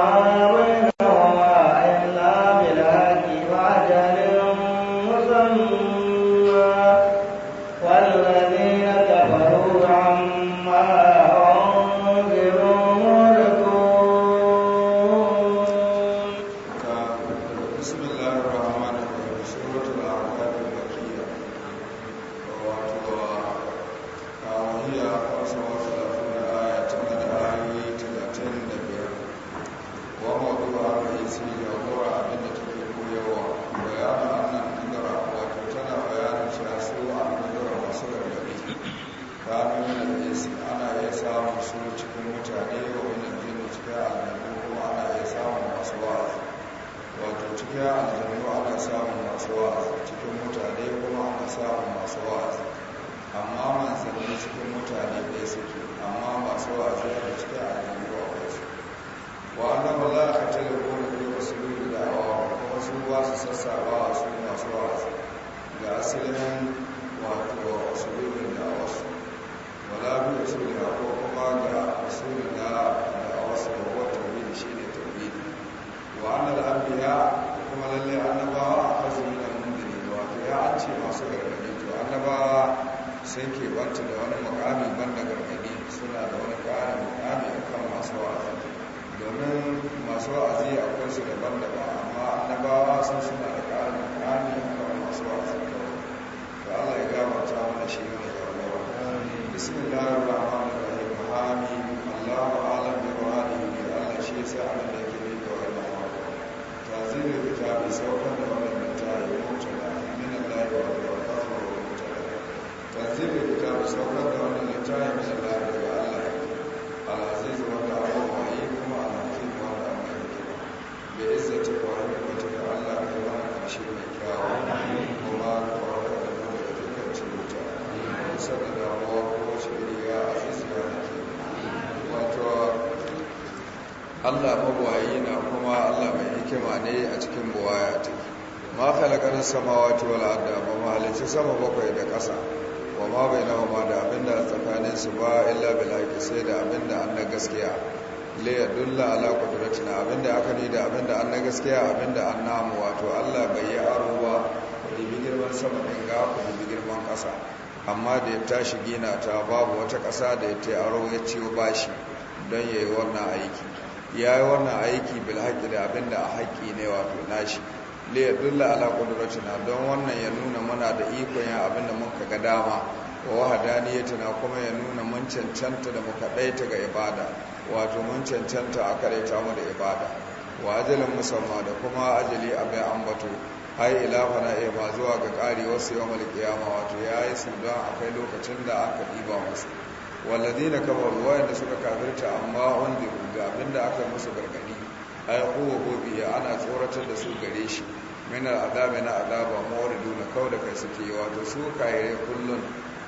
Bye. khalaqna samawati wal arda ba mu sama bakwai da ƙasa ba ma bainahuma da abinda tsakanin su ba illa bil sai da abinda an na gaskiya le alaƙa da ala qudratina abinda aka ni da abinda an na gaskiya abinda an namu wato Allah bai yi aro ba da bi girman sama din ga ku da bi girman ƙasa amma da ya tashi gina ta babu wata ƙasa da ya ta aro ya ciwo bashi don ya yi wannan aiki ya yi wannan aiki bilhaƙi da abinda a haƙi ne wato nashi liya dulla ala qudratina don wannan ya nuna mana da ikon ya abin da muka ga dama wa na kuma ya nuna mun cancanta da muka daita ga ibada wato mun cancanta aka ta mu da ibada wa ajalin musamma da kuma ajali bai ambato ai ilafa na iya ba zuwa ga kari wasu ya qiyama wato yi su don kai lokacin da aka diba musu walladina kafaru wayanda suka kafirta amma wanda ga abinda aka musu gargadi ay ko biya ana tsoratar da su gare shi min al'adabi na azaba mawridu na da kai suke wato su kayayyar kullun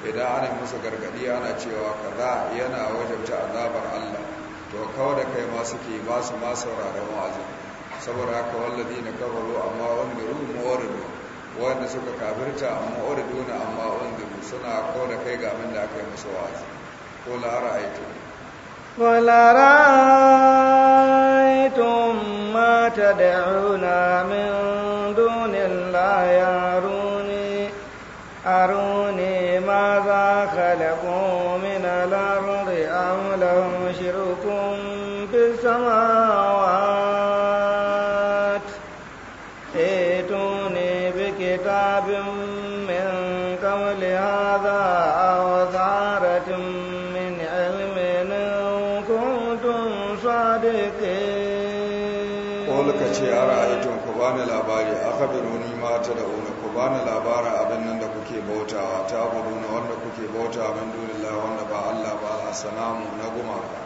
idan ana musu gargadi ana cewa kaza yana wajabta azabar Allah to da kai ma suke ba su ma sauraron wazo saboda haka wallazi na kafaru amma wandiru mawridu wanda suka kafirta amma mawridu na amma wandiru suna da kai ga abin da aka yi musu wazo ko la ra'aytu qul ra'aytu تدعون من دون الله يروني أروني ta'buduna wanda kuke bauta min dunillahi wanda ba Allah ba asnamu na gumaka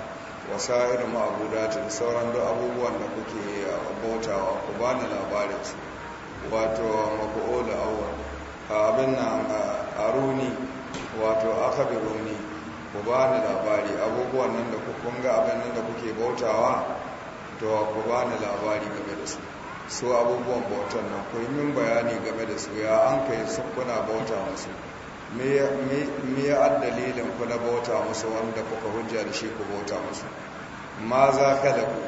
wasa'ir ma'budatin sauran da abubuwan da kuke bautawa ku bani labarin su wato maku'ul awwal abin nan aruni wato akhbiruni ku bani labari abubuwan nan da kun ga abin nan da kuke bautawa to ku bani labari game da su su abubuwan bautan nan ku yi min bayani game da su ya an kai su kuna bauta musu me ya addalilin ku na bauta musu wanda kuka hujja da shi ku bauta musu ma za da ku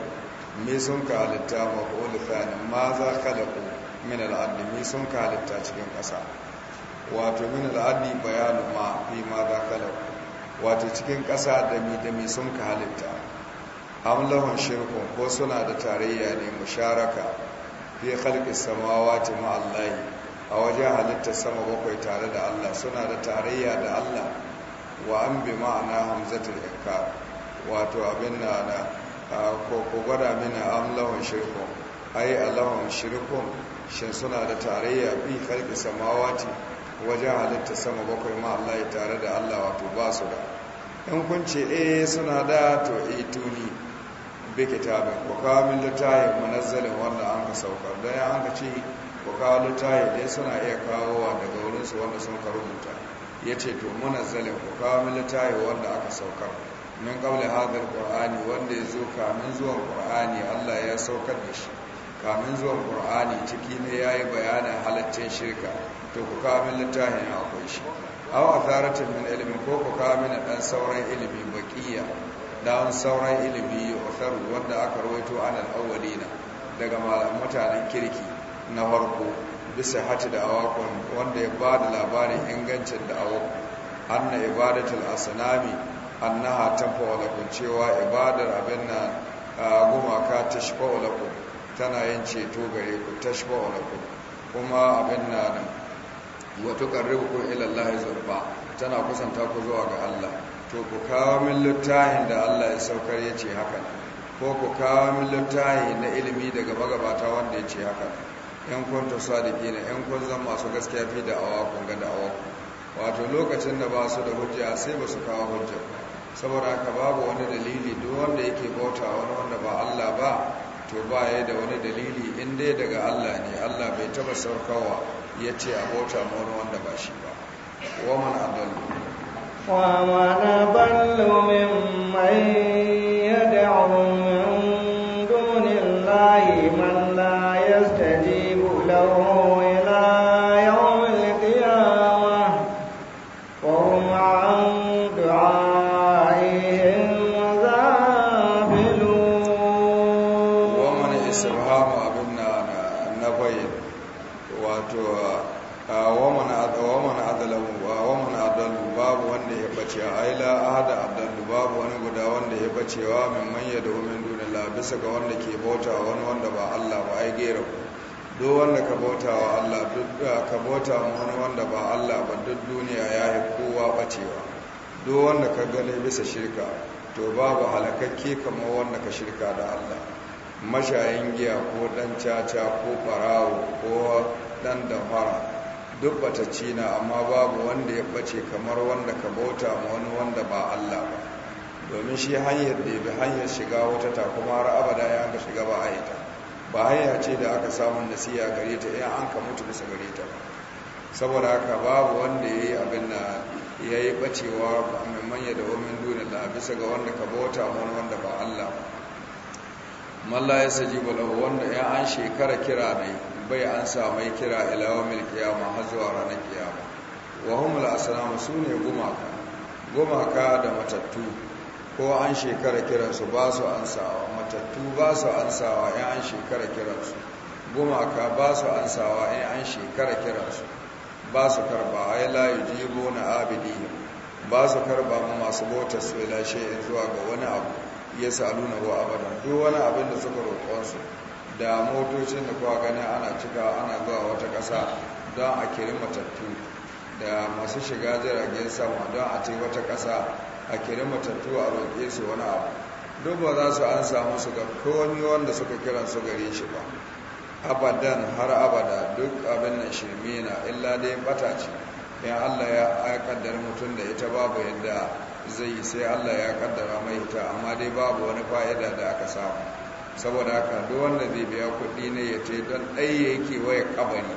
me sun ka halitta ku fani ma za da ku min al'addi me sun ka halitta cikin ƙasa wato min al'addi bayanu ma fi ma za da ku wato cikin ƙasa da mi da mi sun ka halitta amlahun shirkun ko suna da tarayya ne musharaka fi khalqis samawa ma allahi a wajen halittar sama bakwai tare da Allah suna da tarayya da Allah wa an bi ma'ana hamzatul inka wato abin na na ko ku gwada mini am lahun shirkun ai alahun shirkun shin suna da tarayya bi kalbi samawati wajen halittar sama bakwai ma Allah ya tare da Allah wato ba su da in kun ce eh suna da to eh tuni bi kitabin wa kamil littafin munazzalin wanda an ka saukar dan an ka ce wa kawo dai suna iya kawowa daga wurinsu wanda sun karu rubuta ya ce to munazzalin ku kawo mini wanda aka saukar min kawle hadar qur'ani wanda ya zo kamin zuwan qur'ani Allah ya saukar da shi kamin zuwan qur'ani ciki ne ya yi bayanin halittar shirka to ku kawo mini littafin akwai shi a wa azaratin min ilimi ko ku kawo mini dan sauran ilimi baqiya ɗan sauran ilimi yu'tharu wanda aka rawaito anal na, daga mutanen kirki na harko bisa hati da awakon wanda ya ba da labarin ingancin da awakon anna ibadatul asanami annaha tanfa'u lakum cewa ibadar abin na gumaka tashfa'u lakum tana yin ceto gare ku tashfa'u lakum kuma abin na nan wa tuqarribukum ila Allah zulfa tana kusanta ku zuwa ga Allah to ku kawo min littafin da Allah ya saukar ya ce haka ko ku kawo min littafi na ilimi daga magabata wanda ya ce haka yan kwanta su da na yan zan masu gaskiya fi da awa kunga da awa wato lokacin da ba su da hujja sai ba su kawo hujja saboda haka babu wani dalili duk wanda yake bauta wani wanda ba Allah ba to ba ya da wani dalili in dai daga Allah ne Allah bai taba saukawa ya ce a bauta ma wani wanda ba shi ba adallu bai bacewa min manya da wumin dunila bisa ga wanda ke bauta wani wanda ba Allah ba ai gera duk wanda ka bauta wa Allah duk ah, ka bauta wani wanda ba Allah ba duk duniya ya yi kowa bacewa duk wanda ka gane bisa shirka to babu halakakke kamar wanda ka shirka da Allah mashayin giya ko dan caca ko barawo ko dan damfara duk bata na amma babu wanda ya bace kamar wanda ka bauta wani wanda ba Allah ba domin shi hanyar da bi hanyar shiga wata ta kuma har abada ya ga shiga ba a ita ba hanya ce da aka samu nasiya gare ta ya an ka mutu bisa gare ta saboda haka babu wanda ya yi abin da ya bacewa mai manya da wamin da bisa ga wanda ka bauta wani wanda ba Allah malla ya saji bala wanda ya an shekara kira mai bai an samai kira ilawa mil kiyama har zuwa ranar kiyama wa humul asnamu sune gumaka gumaka da matattu ko an shekara kiransu ba su ansawa matattu ba su ansawa in an shekara kiransu gumaka ba su ansawa in an shekara kiransu ba su karba ai layu jibo na abidi ba su karba masu bautar su lashe in zuwa ga wani abu ya ruwa a abadan duk wani abin da suka roƙonsu da motocin da kuwa gani ana cika ana zuwa wata ƙasa don a kiri matattu da masu shiga jiragen sama don a ce wata ƙasa a kere matattu a roƙe su wani abu duk ba za su an samu su ga komi wanda suka kiran su gare shi ba abadan har abada duk abin nan shirme na illa dai bata ce in allah ya kaddar mutum da ita babu yadda zai yi sai allah ya kaddara mai ita amma dai babu wani fa'ida da aka samu saboda haka duk wanda zai biya kuɗi ne ya ce don ɗaya yake waya kabari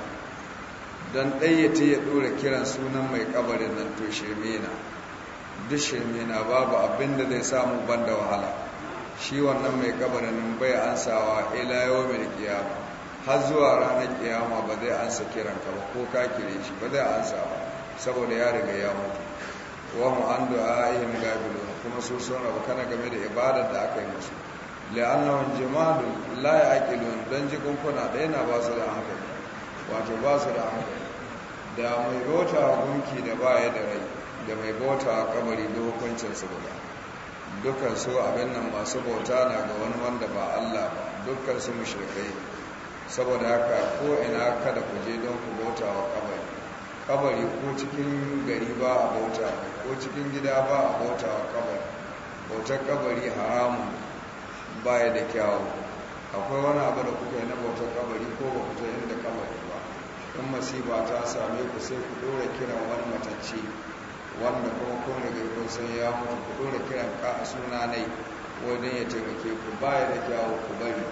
don ɗaya ce ya ɗora kiran sunan mai kabarin nan to shirme na dushe na babu abin da zai samu ban da wahala shi wannan mai kabarin bai ansawa ila yau mai kiyama har zuwa ranar kiyama ba zai ansa kiran ka ba ko ka kire shi ba zai ansa ba saboda ya riga ya mutu wa mu an du'a ihim gabilun kuma su sun rabu kana game da ibadar da aka yi musu la'annahum jamadu la yaqilun dan ji kunkuna ɗaya na ba su da hankali wato ba su da hankali da mai rota gunki da baya da rai da mai bauta a kabari da su guda dukkan su abin nan masu bauta na ga wani wanda ba Allah ba dukkan su mushrikai saboda haka ko ina kada ku je don ku bauta wa kabari kabari ko cikin gari ba a bauta ko cikin gida ba a bauta wa kabari bautar kabari haramun ba ya da kyawu akwai wani abu da kuka yi na bautar kabari ko ba ku yin da kabari ba in masifa ta same ku sai ku dora kiran wani matacce wanda kuma kone riga kun ya mutu ku dora kiran ka a suna nai wajen ya taimake ku baya da kyawu ku bari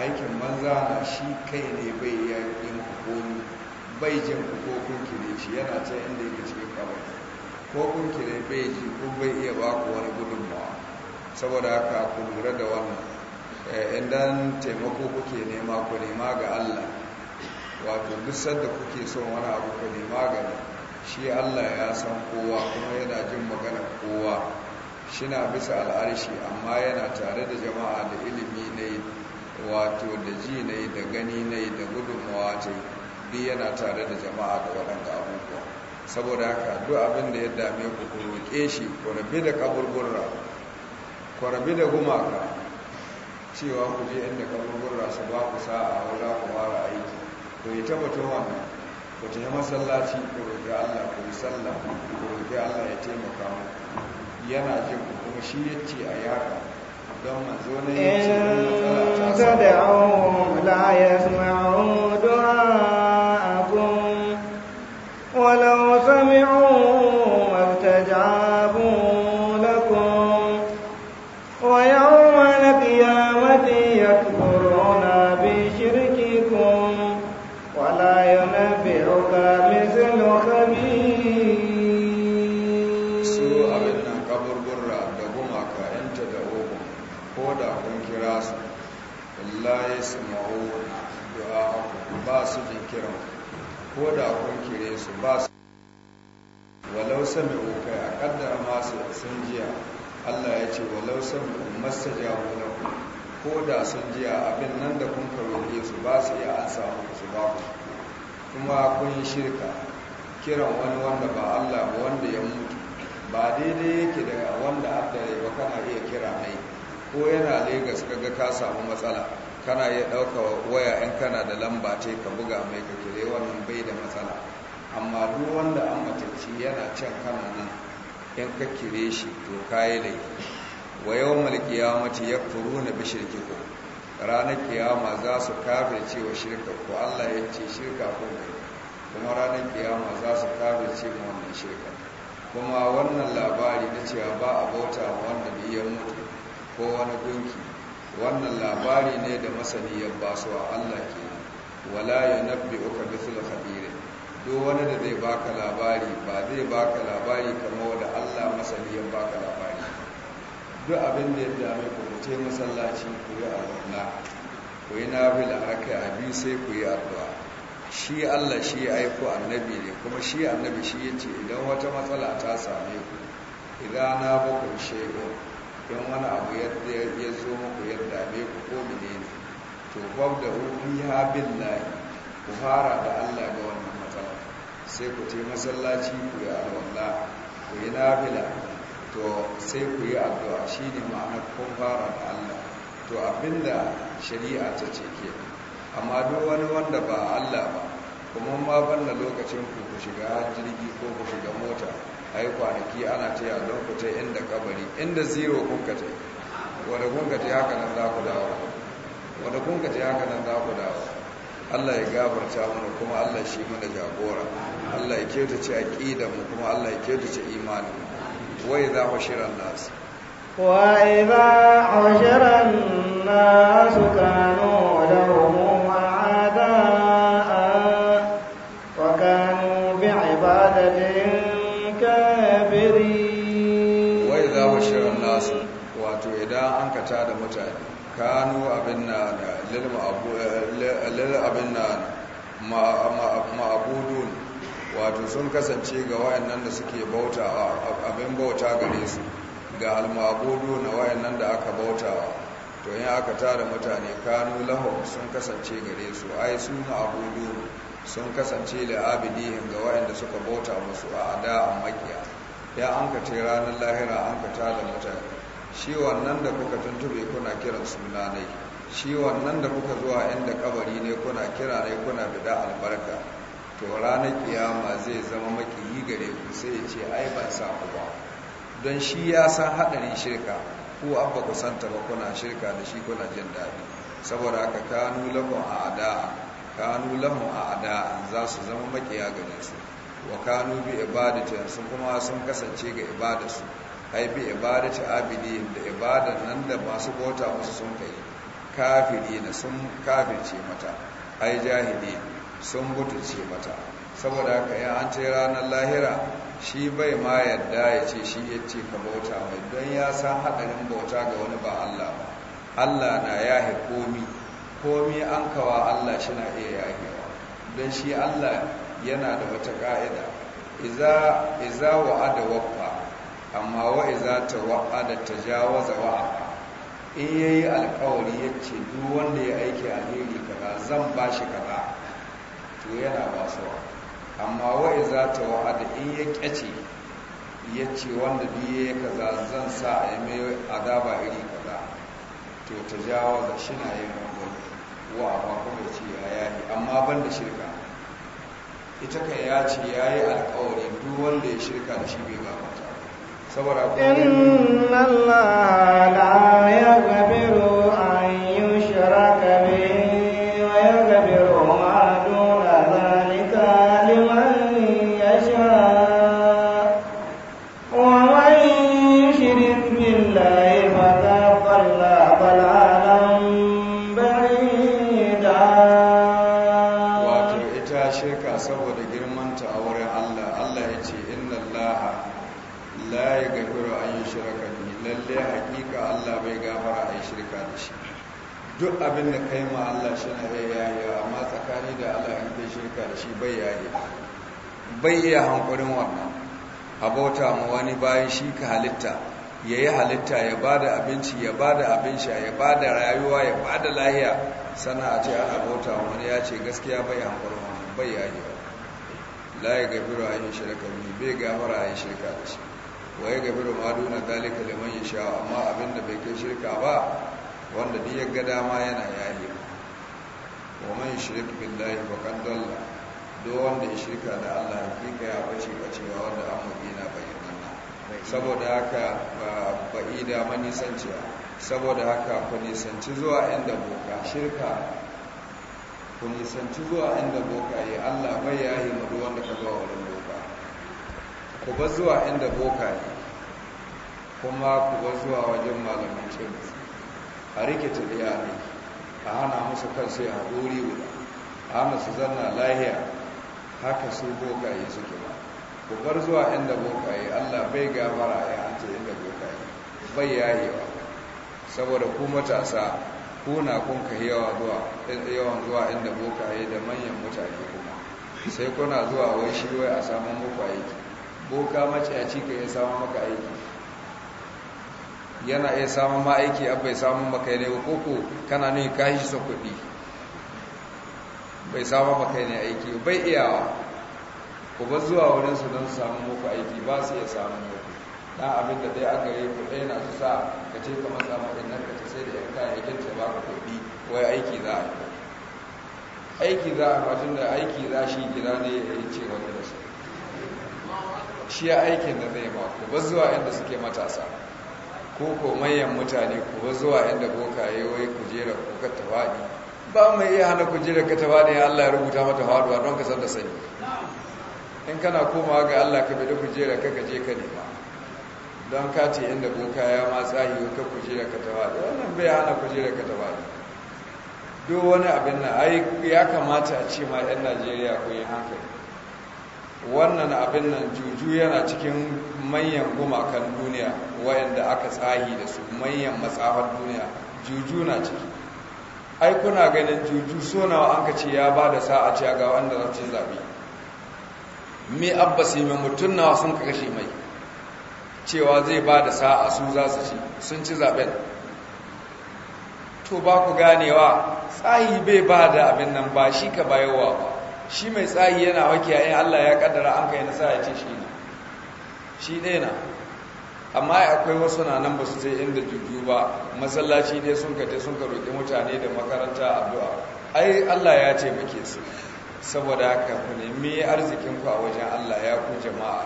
aikin manza na shi kai ne bai ya yi muku komi bai jin ku ko kun kire shi yana ta inda yake cikin kawai. ko kun kire bai ji ko bai iya ba ku wani gudunmawa saboda haka ku lura da wannan eh, idan taimako kuke nema ku nema ga Allah wato duk sanda kuke son wani abu ku nema ga ne shi Allah ya san kowa kuma yana jin magana kowa Shi na bisa al'arshi amma yana tare da jama'a da ilimi ne wato da ji ne da gani ne da gudunmawa ce bi yana tare da jama'a da waɗanda abubuwa saboda haka duk abin da ya dame ku ku roƙe shi ku da kaburburra ku da gumaka cewa ku je inda kaburburra su ba ku sa'a ko ku fara aiki to ita mutum wannan ku ya masallaci ko roƙi Allah ko yi sallah roƙi Allah ya taimaka mu yana jin kuma shi ya ce a yaka don manzo na yi ce matsala ta sa da ko da kun kire su ba su walau sami kai a kaddara masu sun jiya allah ya ce walau sami masu jawo na ku ko da sun jiya abin nan da kun karoge su ba su iya an samu su ba ku kuma kun yi shirka kiran wani wanda ba allah ba wanda ya mutu ba daidai yake da wanda abda ya yi wa kana iya kira mai ko yana legas kaga ka samu matsala kana iya ɗauka waya in kana da lamba ce ka buga mai ka wannan bai da matsala amma duk wanda an matacci yana can kana nan in ka kire shi to kayi yi wa yau mulki ya mace ya furu na bi shirki ranar kiyama za su ce wa shirka ko allah ya ce shirka ko kuma ranar kiyama za su ce ma wannan shirka kuma wannan labari na cewa ba a bauta wanda biyan mutu ko wani gunki wannan labari ne da masani ya su a Allah ke wala ya nabbi uka mithlu khabir do wani da zai baka labari ba zai baka labari kamar wanda Allah masani ya baka labari duk abin da ya dame ku ku ce masallaci ku yi alwala ku yi nafila aka abi sai ku yi addu'a shi Allah shi ya aiko annabi ne kuma shi annabi shi yace idan wata matsala ta same ku idan na baku shay'un in wani abu yadda ya zo muku yadda me ku ko ne. to babda ya bin billahi ku fara da Allah ga wannan matsala sai ku ce masallaci ku yi alwala ku yi nafila to sai ku yi addu'a shine ma'anar kun fara da Allah to abinda shari'a ta ce ke amma duk wani wanda ba Allah ba kuma ma banda lokacin ku ku shiga jirgi ko ku shiga mota ai kwanaki ana ta yi ku lokuta inda kabari inda zero kunka ta wadda kunka ta haka nan za ku dawo wadda kunka ta haka nan za ku dawo Allah ya gabarta mana kuma Allah shi mana jagora Allah ya kyautace aqida mu kuma Allah ya ce imani wa idha hushira nas wa a shirar nasu kanu rumu dakata da mutane kanu abin na eh, eh, lil abin na ma'abudun wato sun kasance ga nan da suke bauta abin bauta gare su ga almabudu na nan da aka bautawa to yin aka tara mutane kanu lahon sun kasance gare su ai sun ma'abudu sun kasance da abidihin ga da suka bauta musu a ada a makiya ya an ka ranar lahira an ka tara mutane shi wannan da kuka tuntube kuna kiran suna ne shi wannan da kuka zuwa inda kabari ne kuna kira ne kuna bida albarka to ranar kiyama zai zama makiyi gare ku sai ya ce ai ban samu ba don shi ya san haɗarin shirka ko an ba ku santa ba kuna shirka da shi kuna jin daɗi saboda haka kanu a a'da'a kanu a a'da'a za su zama makiya gare su wa kanu bi ibadatin sun kuma sun kasance ga ibadarsu haifi bi ibadati abidi da ibadan nan da masu bota musu sun kai kafiri na sun kafirce mata ai jahili sun butuce mata saboda haka ya an ce ranar lahira shi bai ma yadda ya ce shi ya ce ka bauta mai don ya san haɗarin bauta ga wani ba Allah ba Allah na yahe komi komi an kawa Allah shi na iya yahewa don shi Allah yana da wata ƙa'ida iza wa'ada wakwa amma za ta wa'ada ta jawaza wa'a in ya yi alkawari ya ce duk wanda ya aiki a hiri kada zan ba shi kada to yana ba su wa amma za ta wa'ada in ya kyace ya ce wanda duk ya kaza zan sa a yi mai adaba iri kaza to ta jawaza shi na yin rangwani wa amma kuma ce ya yi amma ban da shirka ita kai ya ce ya yi alkawari duk wanda ya shirka da shi bai ba saboda inna allaha la shirka da shi bai yaye bai iya hankulin wannan abauta mu wani bayan shi ka halitta ya yi halitta ya ba da abinci ya ba da abin sha ya ba da rayuwa ya ba da lahiya sana a ce ana bauta wani ya ce gaskiya bai hankulin wannan bai yaye ba la ya gafiru a yi shirka ne bai gamara a yi shirka da shi wa gabiru ma duna zalika liman ya sha amma abin da bai kai shirka ba wanda duk ya ga dama yana yaye ba wa man yushrik billahi wa dalla duk wanda ya shirka da Allah hakika ya bace bacewa wanda an bayyanan bayyana saboda haka ba ba'ida manisanciya saboda haka ku nisanci zuwa inda boka shirka ku nisanci zuwa inda boka yi Allah bai yayi mu wanda ka zuwa wurin boka ku ba zuwa inda boka yi kuma ku ba zuwa wajen malamin cin a rike biya ne a hana musu kansu ya hori wuda a hana su zanna lahiya haka su bokaye suke ba ku bar zuwa inda bokaye allah bai gabara ya an inda bokaye bai yayewa saboda ku matasa ku na kun yawan zuwa inda bokaye da manyan mutane kuma sai kuna zuwa wai shi wai a samun bokaye aiki boka maciyaci ka ya samun maka aiki yana iya samun ma'aiki a bai samun makai ne koko kana ka kashi sa kuɗi bai samun makai ne aiki bai iyawa ku ba zuwa wurinsu don samu muku aiki ba su iya samun muku na abin da dai aka yi ku ɗaya na su sa ka ce ka matsa maɗin nan ka ce sai da yan kayayyakin ta ba ka kuɗi wai aiki za a yi aiki za a fashin da aiki za shi gida ne ya yi ce wani da shi shi ya aikin da zai ba ku ba zuwa yadda suke matasa ko ko manyan mutane ko zuwa inda boka yi wai kujera ko kata tawadi ba mai iya hana kujera ka tawadi Allah ya rubuta mata faduwa don ka san da sani in kana komawa ga Allah ka bi da kujera ka gaje ka nema don ka ce inda boka ya ma tsahi ka kujera ka tawadi wannan bai hana kujera ka tawadi duk wani abin nan ai ya kamata a ce ma yan Najeriya ko yi hankali wannan abin nan juju yana cikin manyan gumakan duniya wayanda aka tsahi da su manyan matsafar duniya juju na ciki ai kuna ganin juju So nawa an ka ce ya ba da sa'a ce ga wanda za ce zaɓe me mai mutum nawa sun ka kashe mai cewa zai ba da sa'a su za su ci sun ci zaben. to ba ku ganewa tsahi bai ba da abin nan ba shi ka bayowa ba shi mai tsayi yana wakiya in Allah ya kaddara an kai nasa ya ce shi ne shi ɗaya na amma akwai wasu na nan ba su sai inda juju ba masallaci ne sun kate sun ka roƙi mutane da makaranta addu'a ai Allah ya ce muke su saboda haka ku nemi arzikinku a wajen Allah ya ku jama'a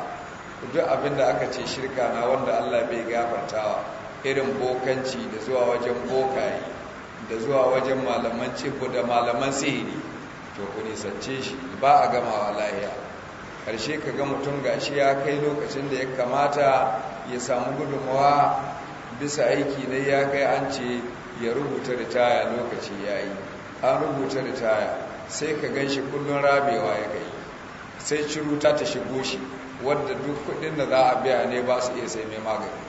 duk abin da aka ce shirka na wanda Allah bai gafartawa irin bokanci da zuwa wajen bokaye da zuwa wajen malaman cibbo da malaman sihiri to ku nisance shi ba a gamawa lahiya ƙarshe ka ga mutum gashi ya kai lokacin da ya kamata ya samu gudunmawa bisa aiki na ya kai an ce ya rubuta ritaya lokaci ya yi an rubuta ritaya sai ka gan shi kullum rabewa ya kai sai ciruta ta shigo shi wadda duk kudin da za a biya ne ba su iya sai mai magani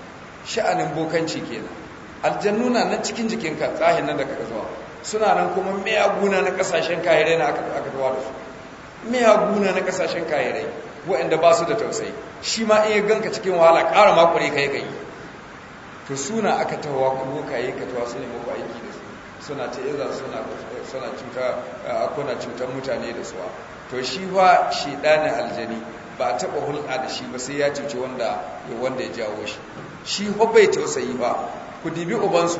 sha'anin bokanci kenan aljannu na nan cikin jikinka tsahin nan da ka zuwa suna nan kuma mayaguna na kasashen kahirai na aka tawa da su mayaguna na kasashen kahirai waɗanda ba su da tausayi shi ma in ya ganka cikin wahala ƙara makure ka yi ka yi to suna aka tawa kuma ka yi ka tawa su ne mafi aiki da su suna ta iza suna cuta kuna cutar mutane da suwa to shi shi shedanin aljani ba a taɓa hulɗa da shi ba sai ya cuci wanda ya jawo shi shi fa bai tausayi ba ku dibi ubansu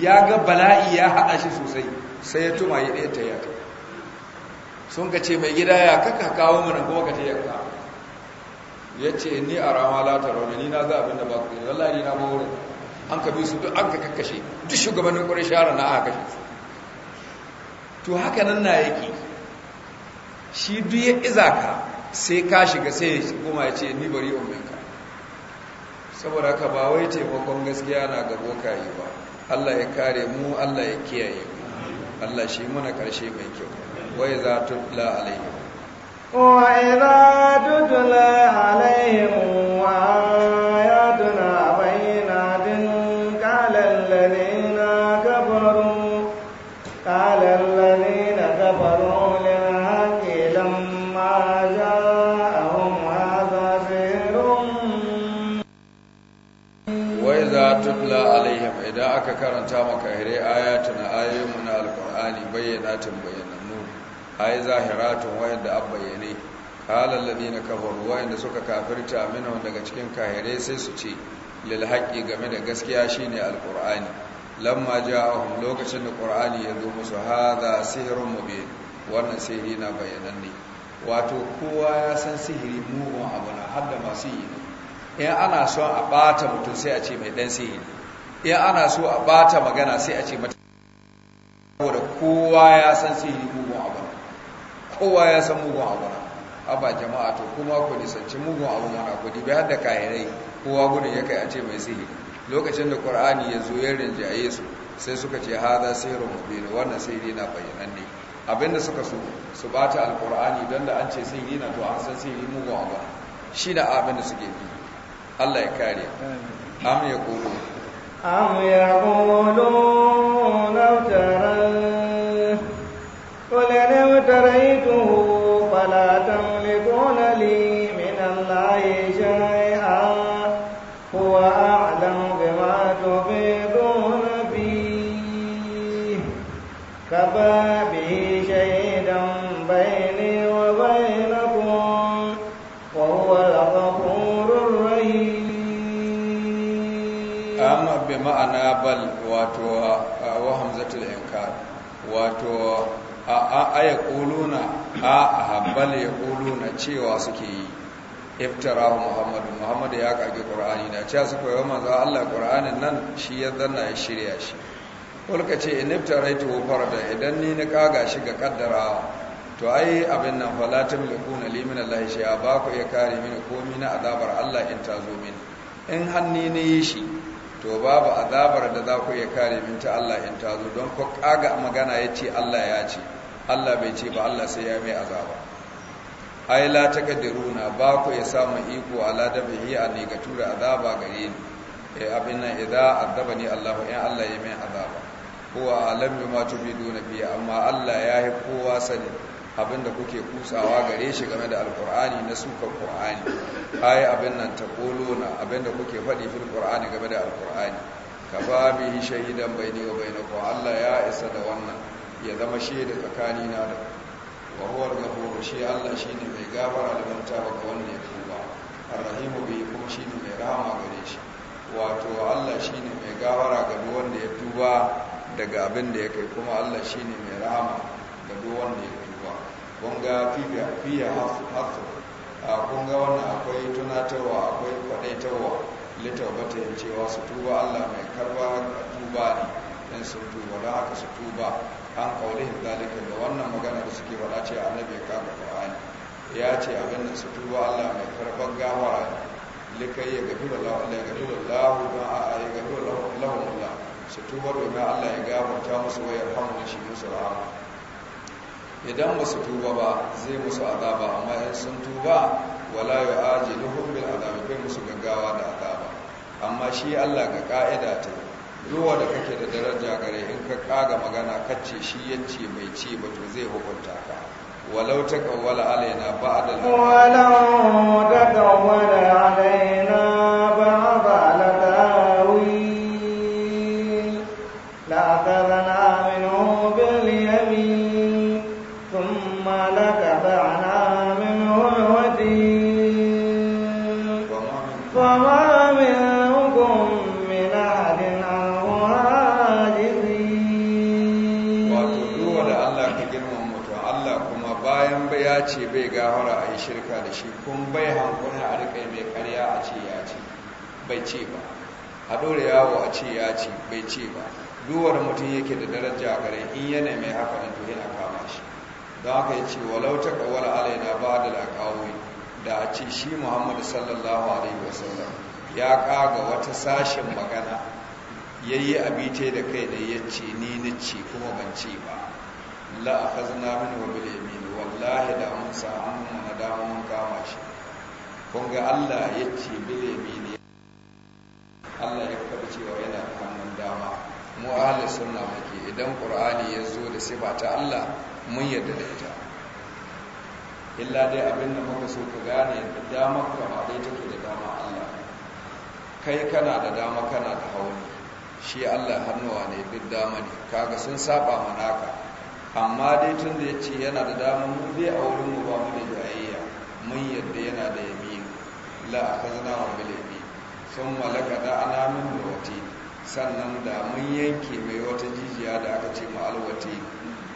ya ga bala'i ya haɗa shi sosai sai ya tuma ya ɗaya ta yaka sun ka ce mai gida ya kaka kawo mana kuma ka ta yaka ya ce ni a rama latar wani ni na za abin da ba ku yi na ba wurin an ka bi su duk an ka kakkashe duk shugabannin ƙwarai shara na aka kashe su to haka nan na yake shi duk ya iza ka sai ka shiga sai ya kuma ya ce ni bari umarka saboda ka ba wai taimakon gaskiya na gabo ka yi ba Allah ya kare mu Allah ya kiyaye mu Allah shi muna karshe mai kyau wa iza tutla alaihim wa iza tutla alaihim wa aka karanta maka hirai ayatuna ayoyinmu na alkur'ani bayyanatin bayyanannu ayi zahiratun da an bayyane na ladina wayan wayanda suka kafirta wanda daga cikin kahire sai su ce lilhaƙi game da gaskiya shine alkur'ani lamma ja'ahum lokacin da qur'ani ya zo musu hadha sihrun mubin wannan sihiri na ne wato kowa ya san sihiri mugun abu na har da masu yi in ana son a ɓata mutum sai a ce mai ɗan sihiri ya ana so a bata magana sai a ce mata saboda kowa ya san sihiri mugun abu kowa ya san mugun abu abba jama'a to kuma ku nisanci mugun abu mana ku dibe har da kayarai kowa gudun ya kai a ce mai sihiri lokacin da qur'ani ya zo ya a su sai suka ce haza sihirun mubin wannan sihiri na bayyananne abinda suka so su bata alqur'ani don da an ce sihiri na to an san sihiri mugun abu shi da abinda da suke bi Allah ya kare amin ya koro أم يقولون افتراه bi ma'ana bal wato wa hamzatul inkar wato a a ya kuluna a habbal ya kuluna cewa suke yi iftara muhammadu muhammadu ya kage qur'ani na cewa suka yi manzo Allah qur'anin nan shi ya zanna ya shirya shi kulka ce in iftaraitu farada idan ni na kaga shi ga kaddara to ai abin nan falatin likuna limin Allah shi ya ba ku ya kare mini komi na azabar Allah in ta mini in hanni ne yi shi to babu azabar da za ku iya kare min ta Allah in ta zo don ku kaga magana ya ce Allah ya ce Allah bai ce ba Allah sai ya mai azaba ai la takadiruna ba ku ya samu iko ala da bihi a ne ga tura azaba gare ni eh abin nan idza adabani Allah in Allah ya mai azaba huwa alam bima tubiduna bi amma Allah ya yi kowa sani abinda kuke kusawa gare shi game da alkur'ani na sukan qur'ani ai abin nan ta kolona abinda kuke faɗi fil kur'ani game da alkur'ani ka ba bihi shahidan baini wa bainakum Allah ya isa da wannan ya zama da tsakani na da wa huwa al-ghafur shi Allah shi ne mai gafara da ba ga wanda ya tuba ar-rahimu bi kuma shi ne mai rahama gare shi wato Allah shi ne mai gafara ga duk wanda ya tuba daga abin da ya kai kuma Allah shi ne mai rahama ga duk wanda ya kun ga fiya hafi a kun ga wannan akwai tunatarwa akwai kwadaitarwa bata yin cewa su tuba allah mai karba tuba ne in su tuba don haka su tuba an kaulihin zalika da wannan magana da suke faɗa ce annabi kama ƙwa'ani ya ce abin da su tuba allah mai karɓar gawara likai ya gafi da lahu don a ya gafi da lahu su tuba domin allah ya gafarta musu wayar da shi musu rahama idan ba su tuba ba zai musu azaba amma in sun tuba wala ya aji luhun bil azaba bai musu gaggawa da azaba amma shi allah ga ka'ida ta ruwa da kake da daraja gare in ka kaga magana kace shi yace mai ce ba to zai hukunta ka walau ta kawala alaina ba'da walau ta kawwala alaina منكم من أحد عنه عاجزين وتدور الله كجرم bayan bai ya ce bai gahara a yi shirka da shi kun bai hankuna a rika mai karya a ce ya ce bai ce ba a yawo a ce ya ce bai ce ba duwar mutum yake da daraja a gare in yana mai haka na tuhin a kama shi don haka ya ce walau ta kawar alaina ba da alƙawai da a ce shi muhammadu sallallahu alaihi wasallam ya kaga wata sashen magana ya yi abite da kai da ya ce ni na ce kuma ban ce ba la a kazina mini wa bilemini wallahi da mun mu na damar mun kama shi kun ga allah ya ce bilemini allah ya faɗi cewa yana da hannun dama mu ahalar suna muke idan ƙur'ani ya zo da ba ta allah mun yarda da ita illa dai abin da muka so ka gane da damar kama dai take da dama kai kana da dama kana da hauni shi Allah hannuwa ne duk dama ne kaga sun saba manaka amma dai tun da ya ce yana da dama mu dai a wurin mu ba mu da jayayya mun yadda yana da yaminu la akhazna wa bilibi Sun thumma da ana min wati sannan da mun yanke mai wata jijiya da aka ce mu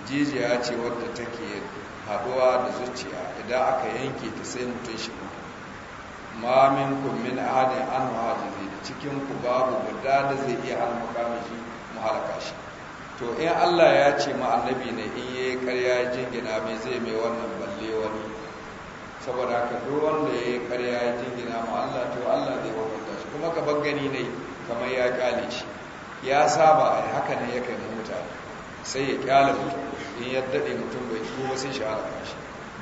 jijiya ce wadda take haɗuwa da zuciya idan aka yanke ta sai mutum shi ma minkum min ahadin an hajizi cikin ku babu guda da zai iya hana makamin shi mu halaka shi to in Allah ya ce ma annabi ne in yayi ƙarya jingina mai zai mai wannan balle wani saboda haka duk wanda yayi ƙarya jingina ma Allah to Allah zai hukunta shi kuma ka gani ne kamar ya kale shi ya saba a haka ne ya kai mutane sai ya kyale in ya daɗe mutum bai tuba sai shi halaka shi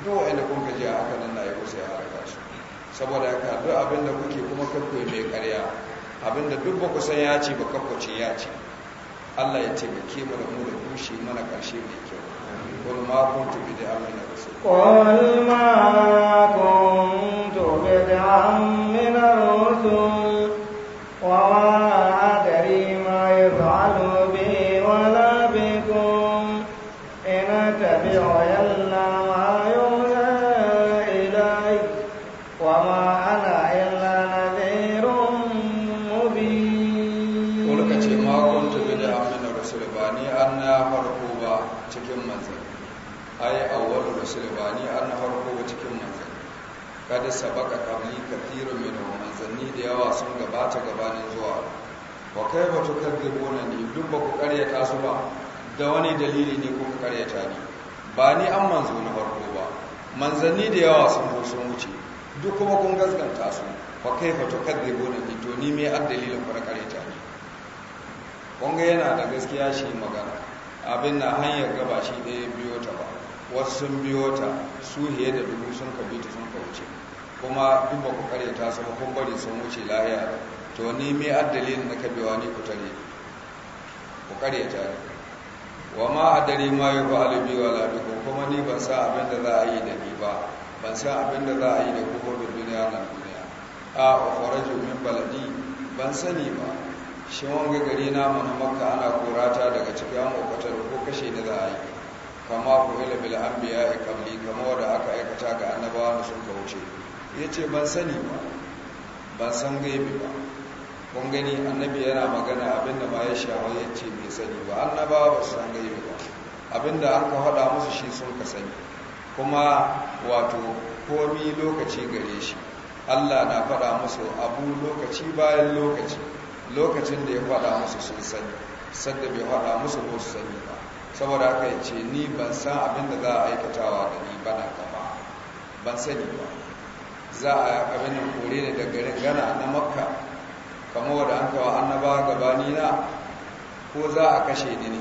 duk wa'anda kun ka je a haka nan na ko sai halaka shi saboda ka duk abin da kuke kuma kakku mai karya abin da duk ba ku san ya ce ba kafkoci ya ce Allah ya taimake mu da mu da kushe mana karshe mai kyau wani ma kuntu bi bi da'amin na rasul ta gabanin zuwa Ba kai ba tukazzibuna ne duk ba ku karyata su ba da wani dalili ne ku karyata ne ba ni an manzo na farko ba manzanni da yawa sun zo sun wuce duk kuma kun gaskanta su ba kai fa kaifa tukazzibuna ne to ni me dalilin ku karyata ne kun yana da gaskiya shi magana abin na hanyar gaba shi ɗaya biyo ta ba wasu sun biyo ta su da dubu sun ka ta sun ka wuce kuma duk ba ku karyata su ba kun bari sun wuce lahiya to ni me addalin na kabewa ni ku tare ku karyata wa ma adari ma yi ba alibi wa labiku kuma ni ban sa abin da za a yi da ni ba ban sa abin da za a yi da ku da duniya na duniya a ukhraju min baladi ban sani ba shi wanga gari na mana makka ana korata daga cikin ukatar ko kashe ni za a yi kama ku ila bil anbiya kamli kama wanda aka aikata ga annabawa da sun wuce. ya ce ban sani ba ban san gaibi ba kun gani annabi yana magana abinda ba ya shawar ya ce mai sani ba annaba ba su san gaibi ba abinda aka ka musu shi sun ka sani kuma wato komi lokaci gare shi allah na faɗa musu abu lokaci bayan lokaci lokacin da ya faɗa musu sun sani sadda bai fada musu ko su sani ba saboda haka ya ce ni ban san abinda za a aikatawa da ni ba na gaba ban sani ba za a yi abin da kore ne daga garin gana na makka kamar wadda an kawo annaba gabani na ko za a kashe ni ne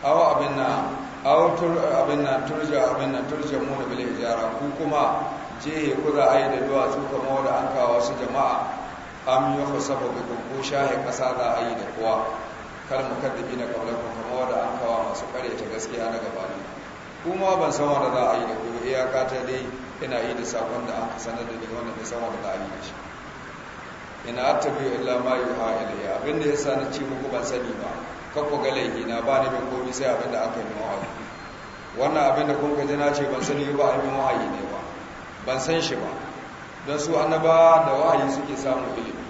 awa abin na abin na turja abin na turja mona bile hijara ku kuma je ku za a yi da duwatsu kamar wadda an kawo wasu jama'a am yi ku saboda ku ko shahe kasa za a yi da kuwa kar mu kaddabi na kaulaku kamar wadda an kawo masu karyata gaskiya na gabani kuma ban san wanda za a yi da ku iyaka ta dai ina yi da sakon da aka sanar da ni wannan da sama da ali da shi ina attabi illa ma yuha ilayya abinda ya sa na ce muku ban sani ba kan ku ga laifi na ba ni bin komai sai abinda aka yi mawayi wannan abinda kun ga na ce ban sani ba abin wahayi ne ba ban san shi ba don su annaba da wahayi suke samu ilimi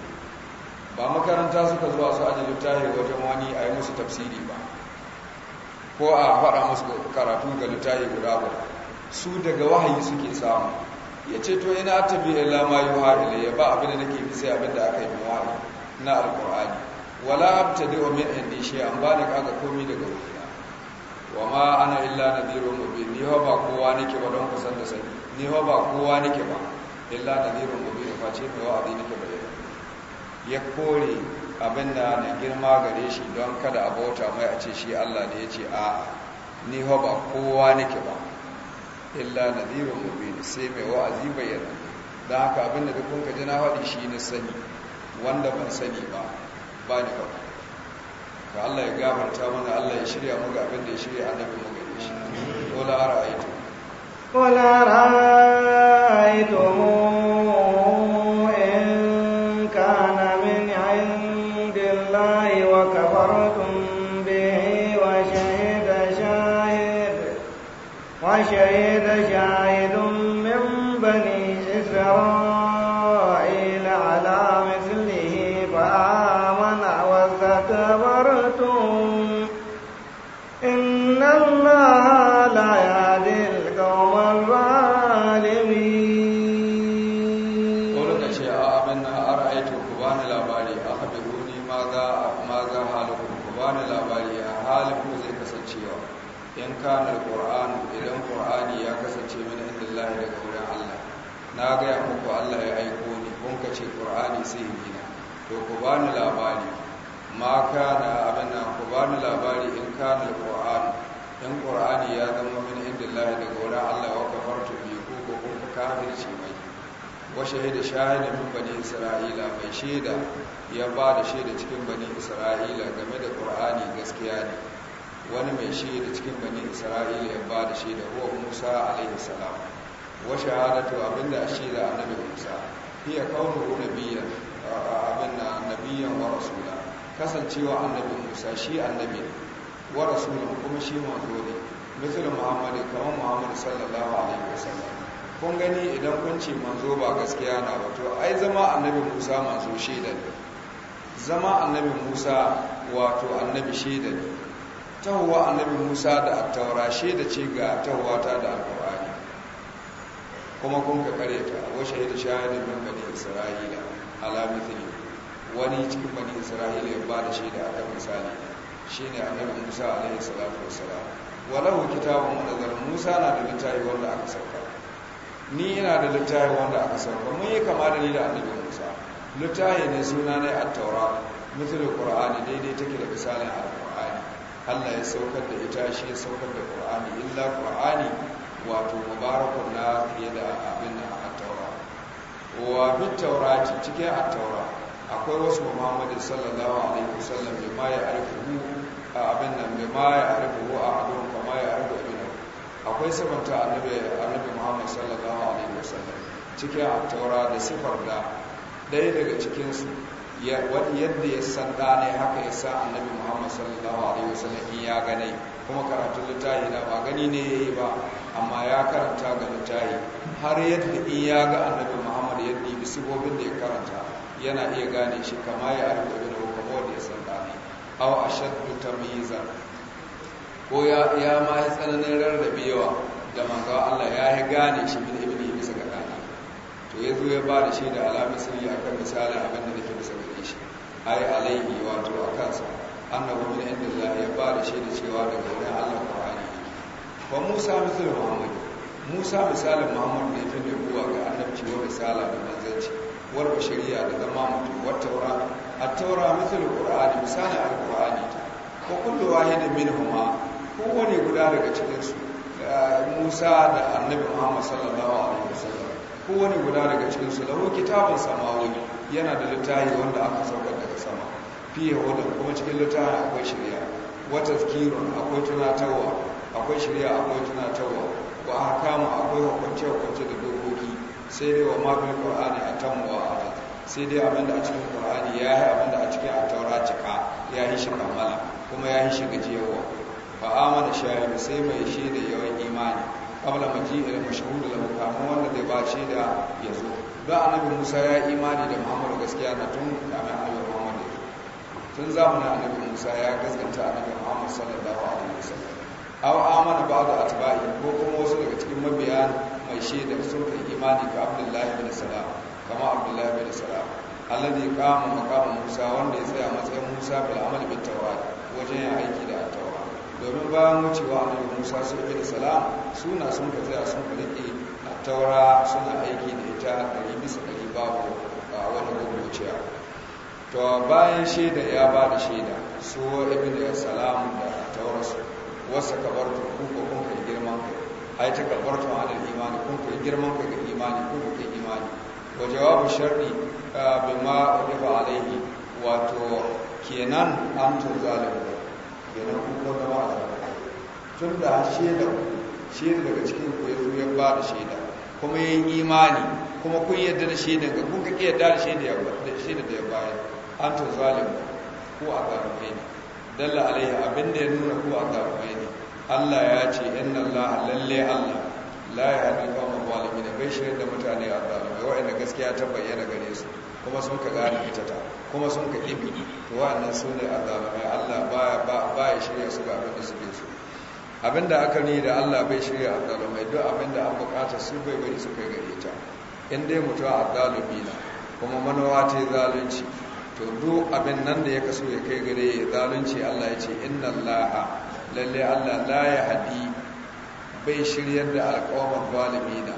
ba makaranta suka zuwa su aje littafi wajen wani a yi musu tafsiri ba ko a faɗa musu karatu ga littafi guda guda su daga wahayi suke samu ya ce to ina tabi ila ma yuha ilayya ba abin da nake bi sai abin da aka yi min wahayi na alqur'ani wala abtadi wa min indi shay'an ba ni kaga komi daga wurina wa ma ana illa nadhirun mubin ni ho ba kowa nake ba don kusan da sani ni ho ba kowa nake ba illa nadhirun mubin fa ce mai abin nake bare ya kore abin da na girma gare shi don kada a bauta mai a ce shi Allah ne ya ce a'a ni ho ba kowa nake ba illa nadirun mubin sai mai wa'azi bayyana da haka abin da dukkan ka ji na faɗi shi na sani wanda ban sani ba ba ni ba ka Allah ya gafarta mana Allah ya shirya ga abin da ya shirya annabi mu gare shi wala ra'aytu wala ra'aytu na gaya muku Allah ya aiko ni kun ka ce Qur'ani sai yi na to ku bani labari ma na abin nan ku bani labari in ka na quran in Qur'ani ya zama min indillahi daga wurin Allah wa kafartu bi ku ko kun ka kafirci mai wa shahida shahida min bani Isra'ila mai shaida ya ba da shaida cikin bani Isra'ila game da Qur'ani gaskiya ne wani mai shaida cikin bani Isra'ila ya ba da shaida huwa Musa alaihi salam wa shahadatu abinda da annabi Musa hiya qawluhu nabiyya abin nabiyyan wa rasula kasancewa annabi Musa shi annabi wa rasulun kuma shi manzo ne misal Muhammad kamar Muhammad sallallahu alaihi wasallam kun gani idan kun ce manzo ba gaskiya na ba to ai zama annabi Musa manzo shaida ne zama annabi Musa wato annabi shaida ne tahowa annabi Musa da attaura shaida ce ga tahowata da alƙur'ani kuma kun ka ta wa shahidu shahidin min bani isra'ila ala mithli wani cikin bani isra'ila ya ba da shaida akan misali shine annabi Musa alaihi salatu wassalam walahu kitabun munazar Musa na da littafi wanda aka sauka ni ina da littafi wanda aka sauka mun yi kama da ni da annabi Musa littafi ne suna ne at-taura mithli qur'ani daidai take da misalin al-qur'ani Allah ya saukar da ita shi ya saukar da qur'ani illa qur'ani wato mubarakun na fiye da abin da a taura wa fit taurati cikin a taura akwai wasu muhammadu sallallahu alaihi wasallam bai ma ya arifu a abin nan bai ma ya arifu a adon ba ma ya arifu abin nan akwai sabanta annabi annabi muhammad sallallahu alaihi wasallam cikin a taura da sifar da ɗaya daga cikinsu yadda ya san ɗane haka ya sa annabi muhammadu sallallahu alaihi wasallam in ya ganai kuma karatun littahi na ba gani ne ya yi ba amma ya karanta ga littahi har yadda in ya ga annabi muhammad ya ɗibi sibobin da ya karanta yana iya gane shi kama ya arba da kuma wanda ya san gane aw ta miza ko ya ya ma ya tsananin yawa? da manzo Allah ya yi gane shi min ibni bisa ga kana to yazo ya ba da shi da alamun sirri akan misali abin da nake bisa gare shi ai alaihi wato a kansa. annabi min inda Allah ya ba da shaida cewa daga wurin Allah Qur'ani wa Musa misal Muhammad Musa misalin Muhammad ne fi da buwa ga annabci wa misala da manzanci wal shari'a da zama mutum wa taura at-taura misalin Qur'ani misalin al-Qur'ani ko kullu wahidin ko wani guda daga cikin su eh, Musa da annabi Muhammad sallallahu alaihi wasallam wani guda daga cikin su lahu kitabun samawi yana da littafi wanda aka saukar fiye wadda kuma cikin littara akwai shirya wata zikirun akwai tunatarwa akwai shirya akwai tunatarwa ba a kama akwai hukunci hukunci da dokoki sai dai wa mafin ƙwar'ani a can wa a sai dai abin da a cikin ƙwar'ani ya yi abin da a cikin a taura cika ya yi shi kammala kuma ya yi shi gajiyarwa ba a amana shayar sai mai shi da yawan imani kamar maji da hudu da mukamin wanda zai ba shi da ya zo don annabi musa ya yi imani da muhammadu gaskiya na tun kamin tun zamanin annabi musa ya gaskanta annabi muhammad sallallahu alaihi wasallam aw amana ba'du atba'i ko kuma wasu daga cikin mabiya mai shaida sun kai imani ga abdullahi bin salam kama abdullahi bin salam alladhi qama maqama musa wanda ya tsaya matsayin musa bil amali bit tawrat wajen yin aiki da tawrat domin bayan wucewa annabi musa sallallahu da wasallam suna sun ka tsaya sun ka taura suna aiki da ita ɗari bisa ɗari babu a wani to bayan shaida ya ba da shaida su ibn da salamu da taurasu wasu kabartu ku ko kun kai girman kai ai ta kabartu ala imani kun kai girman kai ga imani kun kai imani wa jawabu sharri ma udifa alaihi wato kenan an to zalim kenan ku ko da ba tun da shaida shaida daga cikin ku ya ba da shaida kuma yin imani kuma kun yadda da shaida ga kun ka yarda da shaida da shaida da ya bayar an to zalim ko a karfe ne dalla alaihi abinda ya nuna ko a karfe ne Allah ya ce inna Allah lalle Allah la ya hadu ba mu zalimi da bai shirin da mutane a zalimai wa'anda gaskiya ta bayyana gare su kuma sun ka gane ita ta kuma sun ka ibi to wa'annan su ne a zalimai Allah ba ya shirya su ga abin da suke so abinda aka ni da Allah bai shirya a don duk abinda an bukata su bai bari su kai gare ta in dai mutuwa azzalumi na kuma manowa ta zalunci to duk abin nan da ya kaso ya kai gare ya zalunci Allah ya ce inna Allah lalle Allah la ya haɗi, bai shiryar da alƙawar na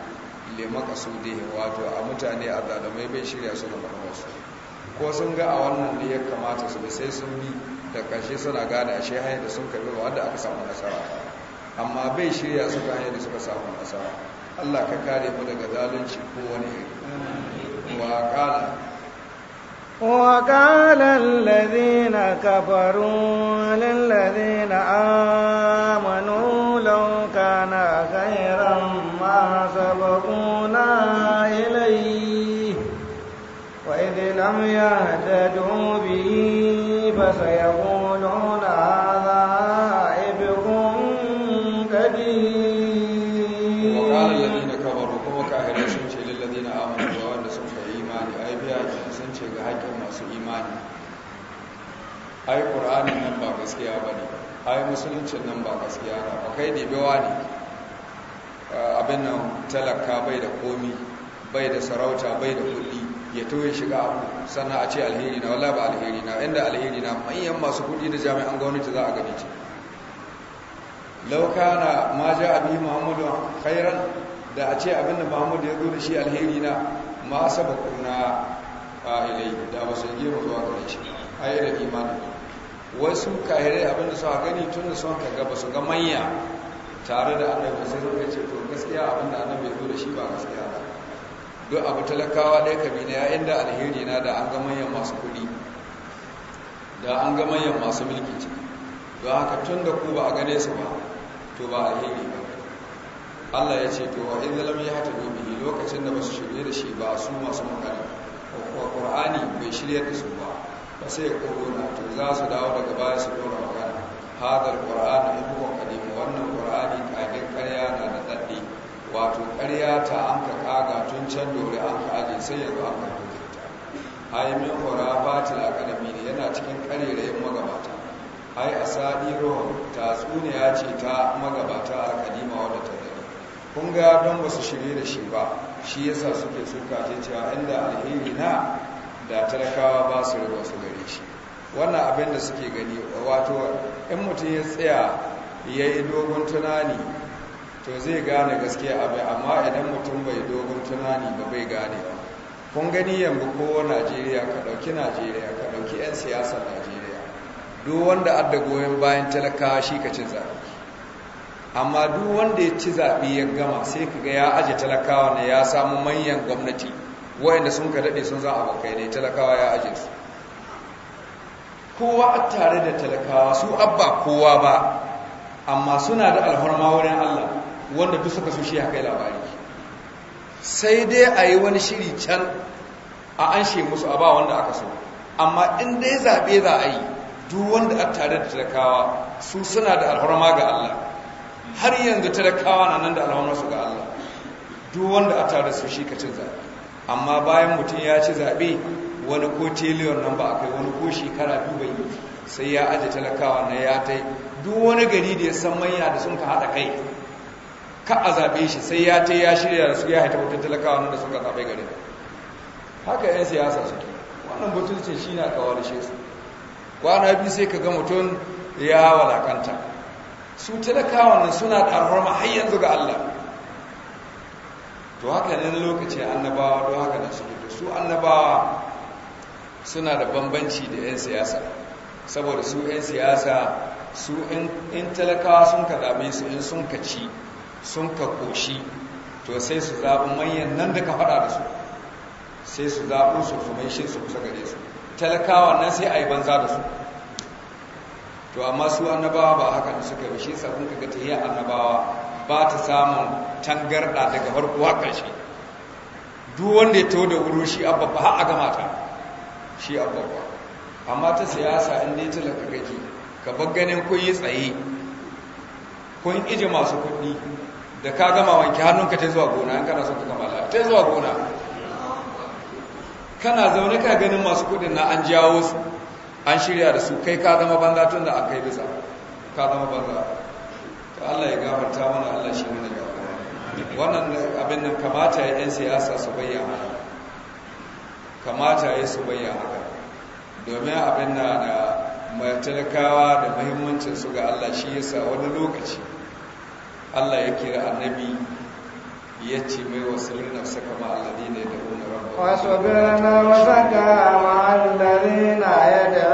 le makasude wato a mutane a zalimai bai shirya su da manuwarsu ko sun ga a wannan da ya kamata su sai sun bi da ƙarshe suna gane ashe hanyar da sun karbi wanda aka samu nasara amma bai shirya su ka hanyar da suka samu nasara Allah ka kare mu daga zalunci ko wani wa وقال الذين كفروا للذين آمنوا لو كان خيرا ما سبقونا إليه وإذ لم يهتدوا به فسيقول ai musuluncin nan ba gaskiya ba kai ɗebewa ne abin nan talaka bai da komi bai da sarauta bai da kuɗi ya toye shiga abu sannan a ce alheri na wala ba alheri na inda alheri na manyan masu kuɗi da jami'an gwamnati za a gani ce lauka na ma ja abi muhammadu khairan da a ce abin da muhammadu ya zo da shi alheri na ma sabakuna a ilai da ba su yi zuwa gare shi a yi da imanin wasu kahirai abinda suka gani tun da sun kaga ba su ga manya tare da annabi sai sun ce to gaskiya abinda annabi ya zo da shi ba gaskiya ba duk abu talakawa ɗaya kabila ya inda alheri na da an ga manyan masu kuɗi da an ga manyan masu mulki ciki don haka tun da ku ba a gane su ba to ba alheri ba Allah ya ce to wa in zalam ya hata bihi lokacin da ba su shirye da shi ba su masu ko Qur'ani bai shirye da su ba sai ya na to za su dawo daga baya su dora magana hadar in ibnu qadim wannan qur'ani kagin karya na da daddi wato karya ta an ka kaga tun can dore an ka aje sai yanzu an ka doke ta ayyamin akademi ne yana cikin karerayen magabata ai tsune tatsuniya ce ta magabata a kadima wanda ta dare kun ga don ba su shirye da shi ba shi yasa suke suka ce cewa inda alheri na da talakawa ba su riga su gare shi wannan abin da suke gani wato in mutum ya tsaya ya yi dogon tunani to zai gane gaskiya abin amma idan mutum bai dogon tunani ba bai gane ba kun gani yanzu kowa najeriya ka ɗauki najeriya ka ɗauki 'yan siyasar najeriya duk wanda adda goyon bayan talakawa shi ka ci zaɓe amma duk wanda ya ci zaɓe ya gama sai ka ga ya aje talakawa ne ya samu manyan gwamnati wayanda sun ka dade sun zama bakai ne talakawa ya aje su kowa a tare da talakawa su abba kowa ba amma suna da alhorma wurin Allah wanda duk suka so shi kai labari sai dai a yi wani shiri can a an she musu a ba wanda aka so amma in dai zaɓe za a yi duk wanda a tare da talakawa su suna da alhorma ga Allah har yanzu talakawa na nan da alhorma su ga Allah duk wanda a tare su shi ka cin zaɓe amma bayan mutum ya ci zaɓe wani ko tiliyon nan ba a kai wani ko shekara biyu bai yi sai ya aje talakawa na ya ta duk wani gari da ya san manya da sun ka haɗa kai ka a zaɓe shi sai ya ta ya shirya da su ya haita wata talakawa nan da sun ka zaɓe gari haka 'yan siyasa suke wannan mutuncin shi na kawar shi su kwana biyu sai ka ga mutum ya walakanta su talakawa nan suna ɗarfar har yanzu ga Allah to haka nan lokaci annabawa don haka nan su da su annabawa suna da bambanci da 'yan siyasa saboda su 'yan siyasa su in talakawa sun ka dame su in sun ka ci sun ka koshi to sai su zaɓi manyan nan da ka faɗa da su sai su zaɓi su su mai shi su kusa gare su talakawa nan sai a yi banza da su to amma su annabawa ba haka da suka yi shi sabon ka ta yi annabawa ba ta samun tangarɗa daga farko har ƙarshe duk wanda ya taho da wuri shi abba ba a gama ta shi abba ba amma ta siyasa in dai talaka kake ka bar ganin kun yi tsaye kun ije masu kuɗi da ka gama wanke hannunka ta zuwa gona in kana son ka gama ta zuwa gona kana zaune ka ganin masu kuɗin na an jawo su an shirya da su kai ka zama banza tun da an kai bisa ka zama banza to Allah ya gafarta mana Allah shi mana gafara wannan abin nan kamata ya yan siyasa su bayyana kamata ya su bayyana haka domin abin na da mai talakawa da muhimmancin su ga Allah shi yasa wani lokaci Allah ya kira annabi ya ce mai wasu na saka ma'allari ne da wani rabu. Wasu birnin wasu ga ma'allari na yadda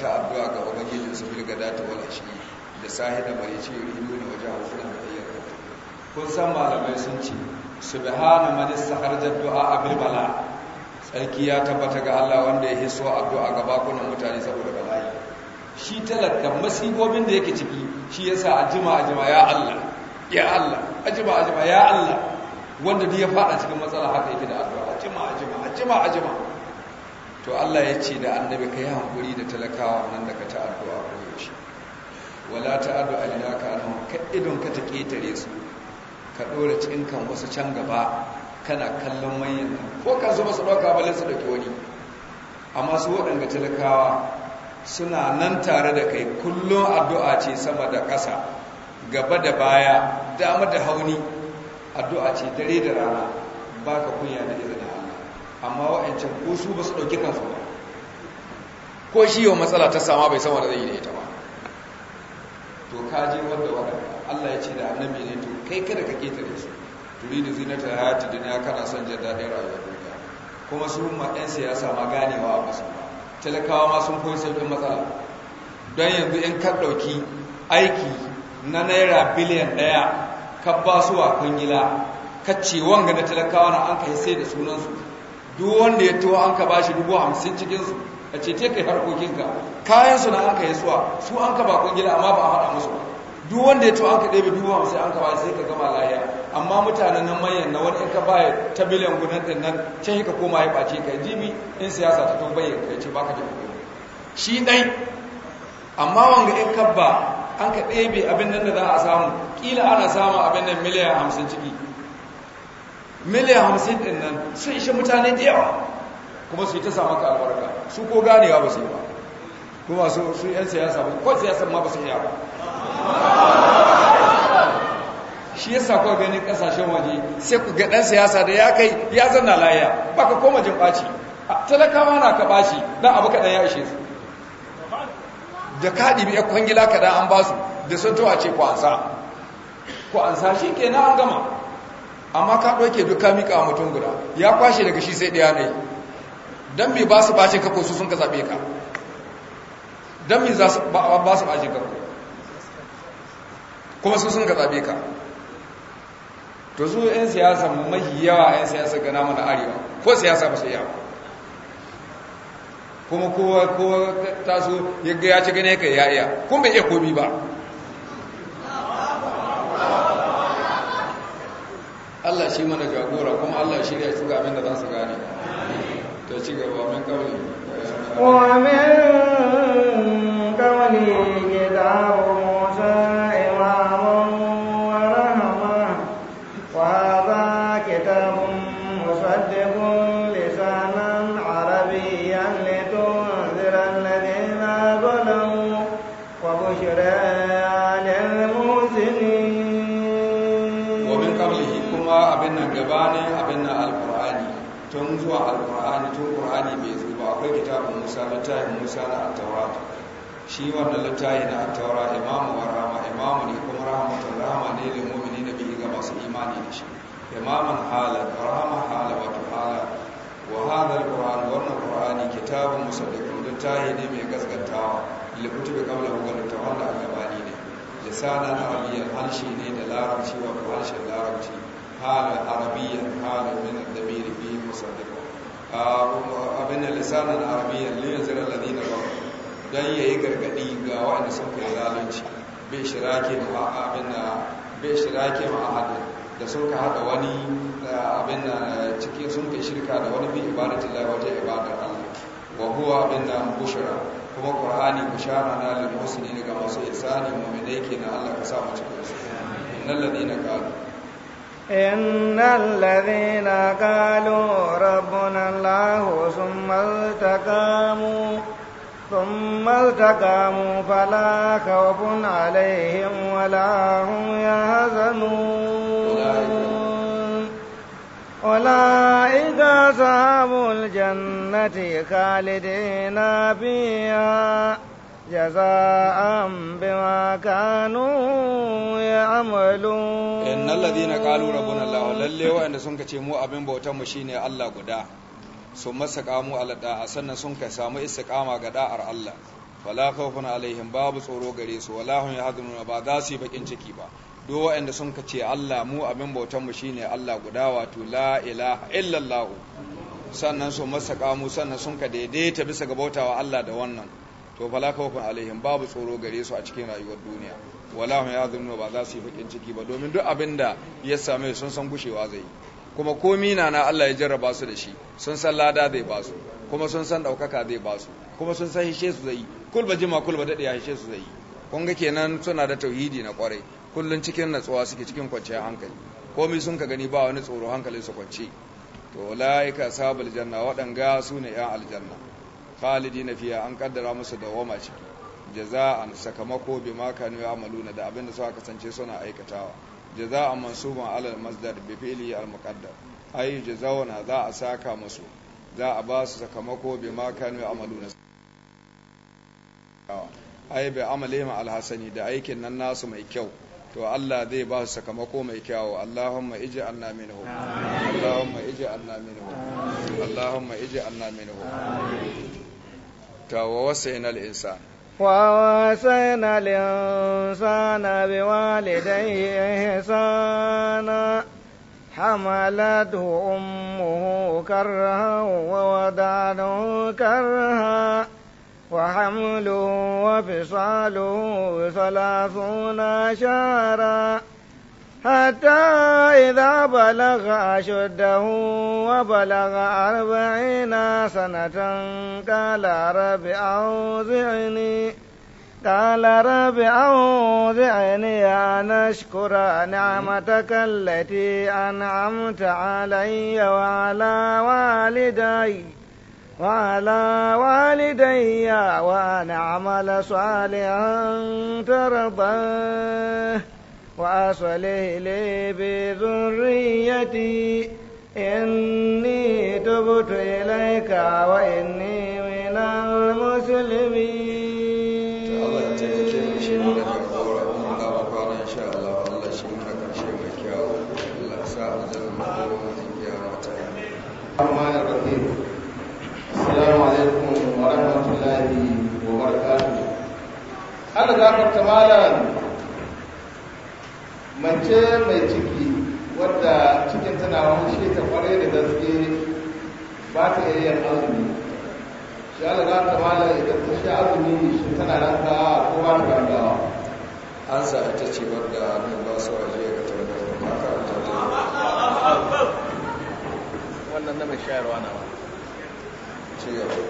ta abuwa ga ubangijin su bil gadata wal ashi da sahi da ce yuridu na wajen hukuna da ayyuka kun san malamai sun ce su bi hana man har jaddu'a a bilbala tsarki ya tabbata ga Allah wanda ya hiso addu'a ga bakunan mutane saboda bala'i shi talaka masibobin da yake ciki shi yasa ajima ajima ya Allah ya Allah ajima ajima ya Allah wanda duk ya fada cikin matsala haka yake da addu'a ajima ajima ajima ajima to Allah ya ce da annabi ka yi hankuri da talakawa nan da ka ta addu'a koyaushe wala ta'addu'a ina ka nan ka idon ka ta ketare su ka ɗora cinkan wasu can gaba kana kallon manyan nan ko ka zuba su ɗauka balin su ɗauki wani amma su waɗanda talakawa suna nan tare da kai kullum addu'a ce sama da ƙasa gaba da baya dama da hauni addu'a ce dare da rana baka kunya da izini amma wa'ancan ko su ba su ɗauki kansu ba ko shi yau matsala ta sama bai sama da zai yi da ita ba to kaji wadda wadda Allah ya ce da annabi ne to kai kada ka keta da su da zinata ta duniya kana son jin daɗin rayuwar duniya kuma su ma ɗan siyasa ma ganewa a ba talakawa ma sun koyi sauƙin matsala don yanzu in ka ɗauki aiki na naira biliyan daya ka ba su wa kungila ka ce wanga na talakawa na an kai sai da sunansu duk wanda ya tuwa an ka bashi dubu hamsin cikinsu a ce kai harkokinka kayansu na aka yi suwa su an ka bakon gida amma ba a haɗa musu duk wanda ya tuwa an ka ɗebe dubu hamsin an ka bashi sai ka gama lahiya amma mutanen nan manyan na wani in ka baya ta biliyan gudan ɗin nan can ka koma ya ɓace ka jibi in siyasa ta tun bayyana ka ce baka da kuɗi shi ɗai amma wanga in kabba an ka ɗebe abin nan da za a samu ƙila ana samun abin nan miliyan hamsin ciki miliyan hamsin ɗin nan sun ishe mutane da yawa kuma su yi ta samun albarka su ko ganewa ba su yi ba kuma su su yan siyasa ba ko siyasa ma ba su yi ba shi yasa kuwa ganin kasashen waje sai ku ga ɗan siyasa da ya kai ya zanna layaya baka koma jin ɓaci talakawa na ka ɓaci don abu kaɗan ya ishe su da kaɗi biyar kwangila kaɗan an ba su da sun tawa ce ku ansa ku ansa shi kenan an gama amma ka ɗauke duka mika a mutum guda ya kwashe daga shi sai ɗaya ne don mai ba su bacin kako su sun ka zaɓe ka don mai ba su bacin kako kuma su sun ka zaɓe ka to su 'yan siyasa mahi yawa 'yan siyasa gana mana arewa ko siyasa ba su yawa kuma kowa ta taso ya ya ci gane ka ya iya kuma bai iya komi ba Allah shi mana jagora kuma Allah shi ya tuga abin da za su gane to ci gaba min kawai wa min kawai kitab littafin musa na attaurata shi wannan littafi na attaura imamu wa rahama imamu ne kuma rahamatul rahama ne lil mu'mini na bihi ga masu imani da shi imaman hala wa rahama hala wato hala wa hadha alquran wannan qur'ani kitabun musaddiqun littafi ne mai gaskantawa li kutubi qabla wa qad tawalla al-gabani ne lisanan arabiyyan halshi ne da larabci wa harshen larabci hala arabiyyan hala min ad-damir fi musaddiqun abin lisanin arabiyyar liyan zirar ladina ba don yayi gargadi ga wa'anda sun kai zalunci bai shirake ma abin na bai shirake ma ahadin da sun ka hada wani eh, abin na eh, cikin sun kai shirka da wani bi ibadatin lai wata ibadar Allah wa huwa abin na bushra kuma qur'ani bushara na lil muslimin ga masu ihsani mu'minai kenan Allah ka sa mu cikin su innal ladina qalu إن الذين قالوا ربنا الله ثم التقاموا ثم التقاموا فلا خوف عليهم ولا هم يحزنون أولئك أصحاب الجنة خالدين فيها جزاء بما كانوا يعملون إن الذين قالوا ربنا الله للي وإن سنك مو أبن بوتا مشيني الله قدا ثم سقاموا على الداء سنة سنك سامو استقاما قداء الله wala khawfun alaihim babu tsoro gare su wala hum yahzanuna ba za su yi bakin ciki ba do waɗanda sun ka ce Allah mu abin bautan mu shine Allah guda wato la ilaha illallah sannan su masaka mu sannan sun ka daidaita bisa ga bautawa Allah da wannan to fala alaihim babu tsoro gare su a cikin rayuwar duniya wala hum ba za su yi fakin ciki ba domin duk abin da ya same sun san gushewa zai kuma komi na na Allah ya jarraba su da shi sun san lada zai ba su kuma sun san daukaka zai ba su kuma sun san hishe su zai kul ba jima kul dade ya hishe su zai kun ga kenan suna da tauhidi na kwarai kullun cikin natsuwa suke cikin kwanciyar hankali komai sun ka gani ba wani tsoro hankalin su kwance to laika sabul janna waɗanga su ne 'yan aljanna khalidina fiya an kaddara musu dawama ciki jaza'an sakamako bima kanu ya'maluna da abinda suka kasance suna aikatawa jaza'an mansuban alal masdar bi fi'li al muqaddar ay jazawana za a saka musu za a ba su sakamako bima kanu ya'maluna ai bai amale ma alhasani da aikin nan nasu mai kyau to Allah zai ba su sakamako mai kyau Allahumma iji anna minhu Allahumma iji anna minhu Allahumma iji anna minhu ووصينا الإنسان ووصينا الإنسان بوالديه إحسانا حملته أمه كرها ووضعته كرها وحمله وفصاله ثلاثون شهرا حتى إذا بلغ أشده وبلغ أربعين سنة قال رب أوزعني قال رب أوزعني أن أشكر نعمتك التي أنعمت علي وعلى والدي وعلى والدي وأن أعمل صالحا ترضاه وأصلح لي في ذريتي إني تبت إليك وإني من المسلمين الله تبكي من شيء من الأمور الله وقال إن شاء الله الله شيء من كرشي مكياو الله ساعد المدور والقيامة الرحمن الرحيم السلام عليكم ورحمة الله وبركاته أنا ذاك التمالا mace mai ciki wadda cikin tana wani ta kware da gaske ba ta iya yin azumi shi ala za ta mala idan ta sha azumi shi tana ranta ko ba ta rankawa an sa ta ce wadda mai ba su waje ga tarbar da maka ta ta wannan na mai shayarwa na ba ci gaba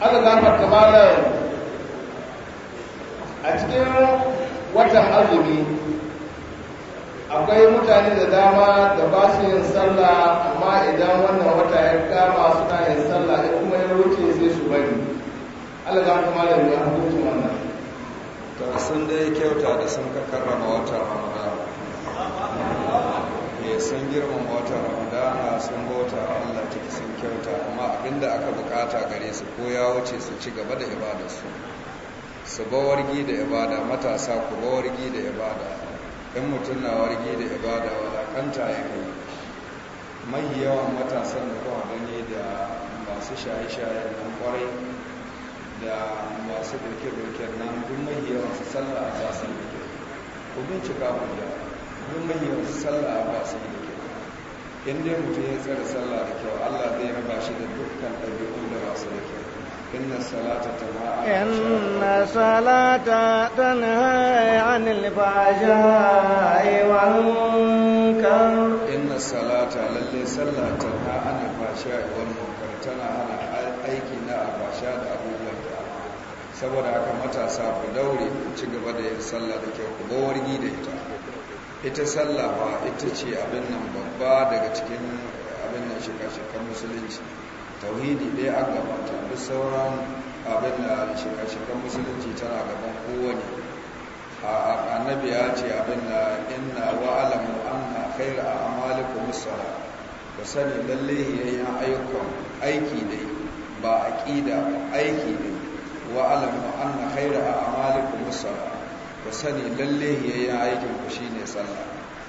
ala za ta mala a cikin watan azumi akwai mutane da dama da ba su yin sallah amma idan wannan wata ya kama suna yin sallah ya kuma ya wuce sai su bari alaga za kuma da wani hukuncin wannan to sun ya kyauta da sun karrama wata ramada ya eh, sun girmama wata ramadana sun bauta allah ciki sun kyauta amma abinda aka bukata gare su ko ya wuce su ci gaba da ibadarsu su ba wargi da ibada matasa ku ba wargi da ibada ɗan mutum na wargi da ibada kanta ya yi mai yawan matasan da kuma gani da masu shaye-shaye nan kwarai da masu doke-doke nan duk mai yawan su sallah ba su da kyau ku bincika ku da duk mai yawan su sallah ba su da kyau in dai mutum ya tsara sallah da kyau allah zai raba shi da dukkan ɗabi'un da masu da kyau إن الصلاة تنهى عن الفحشاء والمنكر إن الصلاة للي صلى تنهى عن الفحشاء والمنكر تنهى عن أيكنا الفحشاء أبو saboda haka matasa ku daure ku ci gaba da yin sallah da kyau ku da ita ita sallah ba ita ce abin nan babba daga cikin abin nan shika-shikan musulunci tauhidi ɗaya an gabata duk sauran abin da shekar-shekar musulunci tana gaban kowane annabi ya ce abin da inna wa alamu anna khair a amaliku musala ku sani lalle yayin ayyukan aiki dai ba aqida ba aiki dai wa alamu anna khair a amaliku musala ku sani lalle yayin aikin ku shine sallah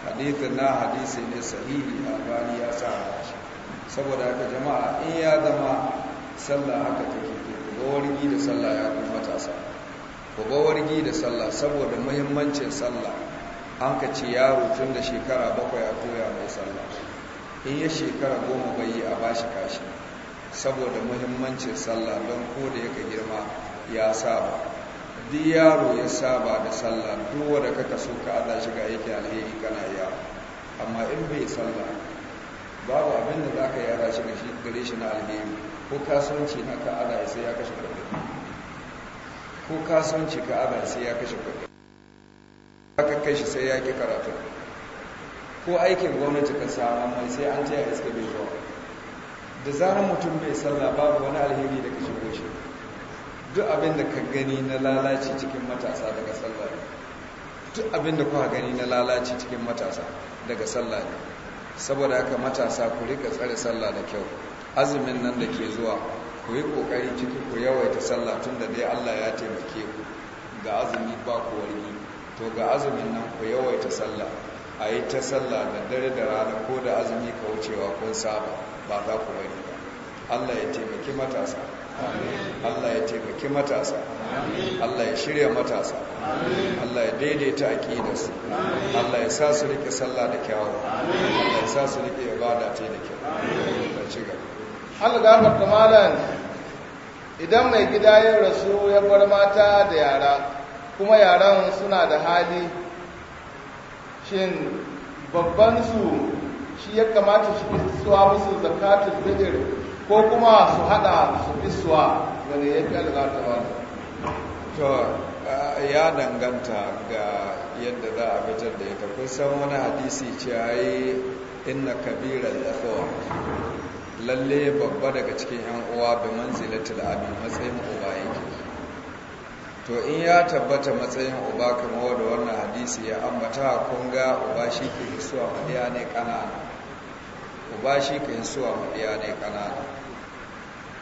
hadithin na hadisi ne sahihi albani ya sa shi saboda haka jama'a in ya zama sallah haka take ku gi da sallah ya kuma matasa ko ga wargi da sallah saboda muhimmancin sallah an ka ce yaro tun da shekara bakwai a koya mai sallah in ya shekara goma bai yi a bashi kashi saboda muhimmancin sallah don ko da yaka girma ya saba duk yaro ya saba da sallah duk wanda kaka so ka aza shi ga yake alheri kana yaro amma in bai sallah babu abin da za ka yara shi ga shi gare shi na alheri ko kasuwanci na ka ya sai ya kashe kuɗi ko kasuwanci ka ya sai ya kashe ba ka kai shi sai ya ki karatu ko aikin gwamnati ka samu mai sai an taya iska bai zuwa da zarar mutum bai sallah babu wani alheri da ka shigo shi duk abin da ka gani na lalaci cikin matasa daga sallah duk abin da gani na lalaci cikin matasa daga sallah ne saboda haka matasa ku rika tsare sallah da kyau azumin nan da ke zuwa ku yi kokari ciki ku yawaita sallah tun da dai Allah ya taimake ku ga azumi ba ku wargi to ga azumin nan ku yawaita sallah a yi ta sallah da dare da rana ko da azumi ka wucewa kun saba ba za ku bari ba Allah ya taimaki matasa Allah ya taimaki matasa Allah ya shirya matasa Allah ya daidaita a ƙidarsu Allah ya sa su rike sallah da kyawu Allah ya sa su rike ibada ta da kyau amin ci gaba Allah idan mai gida ya rasu ya bar mata da yara kuma yaran suna da hali shin babban su shi ya kamata shi suwa musu zakatul fitr ko kuma su hada su isuwa wanda ya fi alzata ba to ya danganta ga yadda za a fitar da ita kun san wani hadisi ce a yi inna da kowa. lalle babba daga cikin yan uwa bi manzilatul abi matsayin uba yake to in ya tabbata matsayin uba kamar wadda wannan hadisi ya ambata kun ga uba shi ke isuwa hadiya ne kanana ba shi ka hisuwa maɗiya ne ƙanana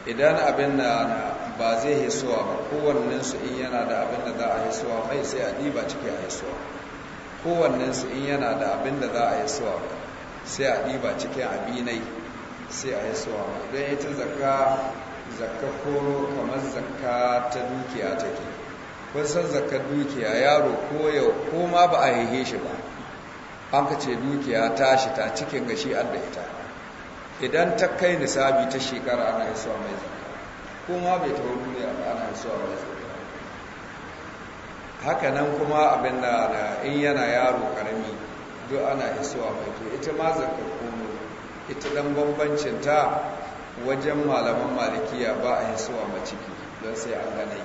idan abin da ba zai hisuwa ba kowannensu in yana da abin da za a hisuwa mai sai a ɗiba ciki a hisuwa kowannensu in yana da abin da za a hisuwa sai a ɗiba cikin abinai sai a hisuwa don ita zakka zakka koro kamar zakka ta dukiya take kun san zakka dukiya yaro ko yau ko ma ba a yi shi ba an ka ce dukiya tashi ta cikin gashi an da ita idan ta kai nisabi ta shekara ana yi suwa mai zaka kuma bai taho ne ana yi suwa mai zaka haka nan kuma abin da in yana yaro karami duk ana yi suwa mai to ita ma zaka kuma ita dan bambancin ta wajen malaman malikiya ba a yi suwa mai ciki don sai an gane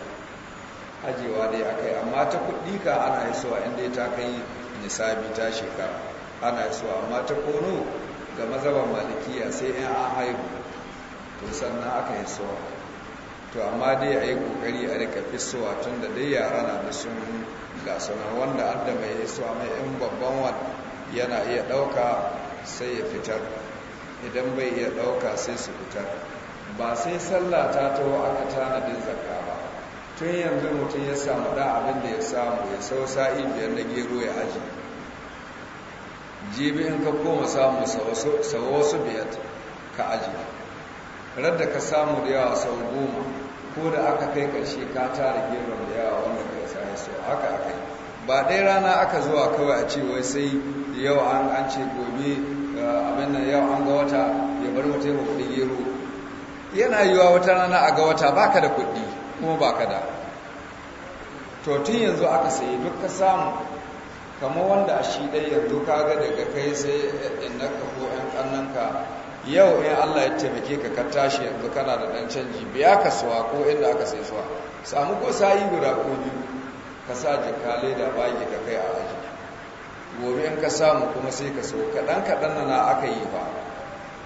ajewa dai akai amma ta kuɗi ka ana yi suwa inda ta kai nisabi ta shekara ana yi suwa amma ta kono ga mazaban malikiya sai yan an haihu to sannan aka yi suwa to amma dai a yi kokari a rika fisuwa tun da dai yara na da sun gasunan wanda an da mai isuwa mai yan babban wani yana iya ɗauka sai ya fitar idan bai iya ɗauka sai su fitar ba sai sallah ta taho aka tanadin zakka ba tun yanzu mutum ya samu da abin da ya samu ya sau sa'i biyar na gero ya ajiye jibi in ka koma samu sau wasu biyar ka aji radda ka samu da yawa sau goma ko da aka kai karshe ka tara geron da yawa wanda ka sa so haka aka yi ba ɗaya rana aka zuwa kawai a ce wai sai yau an ce gobe eh, abin nan yau an ga wata ya bar mutum ya kuɗi gero yana yiwa wata rana a ga wata baka da kuɗi kuma baka da to tun yanzu aka sayi duk ka samu kamar wanda a shi dai yanzu kaga daga kai sai innaka ko ɗan ƙannanka yau in Allah ya taimake ka ka tashi yanzu kana da ɗan canji biya ka ko inda aka sai suwa samu ko sayi guda ko biyu ka sa leda bagi ka kai a aji gobe in ka samu kuma sai ka so kaɗan kaɗan na aka yi ba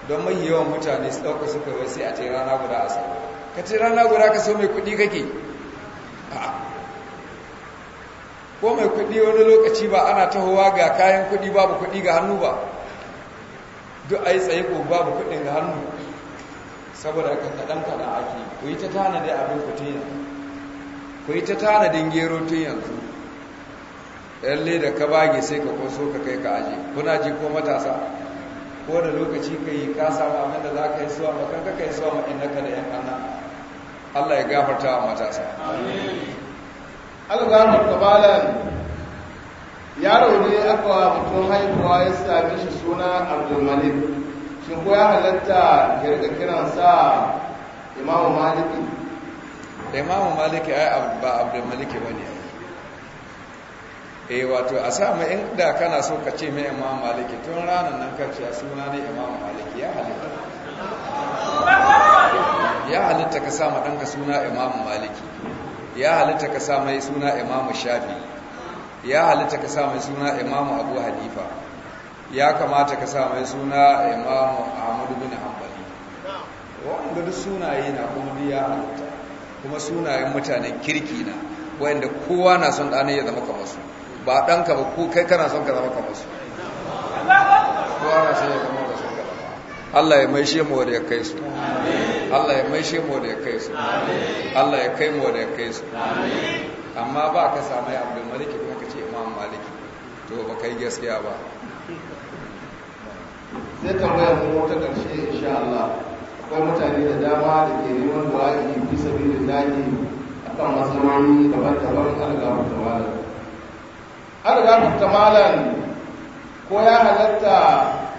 don mai yawan mutane su ɗauka suka wai sai a ce rana guda a sa ka ce rana guda ka so mai kuɗi kake ko mai kuɗi wani lokaci ba ana tahowa ga kayan kuɗi babu kuɗi ga hannu ba duk a yi tsaye ko babu kuɗin ga hannu saboda ka kaɗan kaɗan ake ku yi ta da abin ku tun yanzu ku yi ta tanadin gero tun yanzu yalle da ka bage sai ka kwaso ka kai ka aje kuna ji ko matasa ko da lokaci ka yi ka samu abin da za ka yi suwa kan ka yi suwa ma'in naka da yan Allah ya gafarta wa matasa. algama kabalan yaro ne aka wa mutum haihuwa ya sami shi suna abdulmalik shi ko ya halatta ya rika kiransa imamu maliki da imamu maliki ai ba abdulmalik ba ne eh wato a sami inda kana so ka ce mai imamu maliki tun ranar nan karshe suna ne imamu maliki ya halitta ya halitta ka sa ma ɗanka suna imamu maliki ya halitta ka sa mai suna imamu shafi ya halitta ka sa mai suna imamu abu hanifa ya kamata ka sa mai suna imamu ahmadu bin hanbali wanda duk sunaye na kuma ya halitta kuma sunayen mutanen kirki na wanda kowa na son ɗanai ya zama kamar su ba ɗanka ba ko kai kana son ka zama kamar su kowa na son ya zama kamar su Allah ya maishe mu wadda ya kai su Allah ya maishe mu da ya kai su Allah ya kai mu da ya kai su amma ba ka samu abdul maliki kuma ka ce imam maliki to ba kai gaskiya ba sai tambayar mu ta karshe insha Allah akwai mutane da dama da ke neman wa'azi fi sabilillahi akan matsaloli daban-daban algabar tamalan algabar tamalan ko ya halatta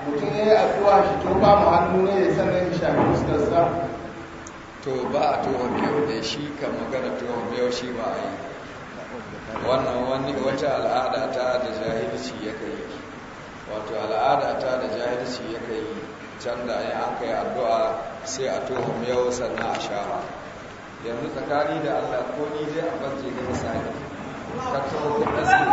mutum ya yi addu'a shi to ba mu hannu ne ya shafi da shafi fuskarsa to ba a tuwa miyau da shi ka magana tuwa miyau shi ba a yi wannan wani wata al'ada ta da jahilci ya kai wato al'ada ta da jahilci ya kai can da ya an kai addu'a sai a tuwa miyau sannan a shara yanzu tsakani da allah ko ni zai abarce ga misali ka tuwa kudin sai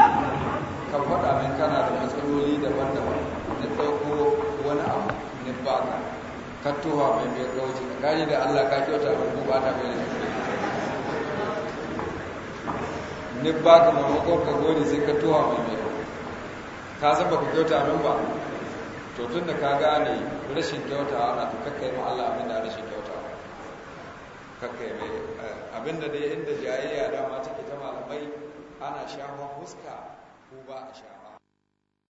ka faɗa min kana da matsaloli daban-daban na ɗauko wani abu na baka ka mai mai kawai ka gane da Allah ka kyauta ba ku ba ta mai ne ba ka mamakon ka gode sai ka mai mai ka san ba ka kyauta min ba to tun da ka gane rashin kyauta ana ka kakka yi Allah abin da rashin kyauta kakka yi mai eh, abin da dai inda jayayya dama take ta malamai ana shafa fuska ko ba a sha.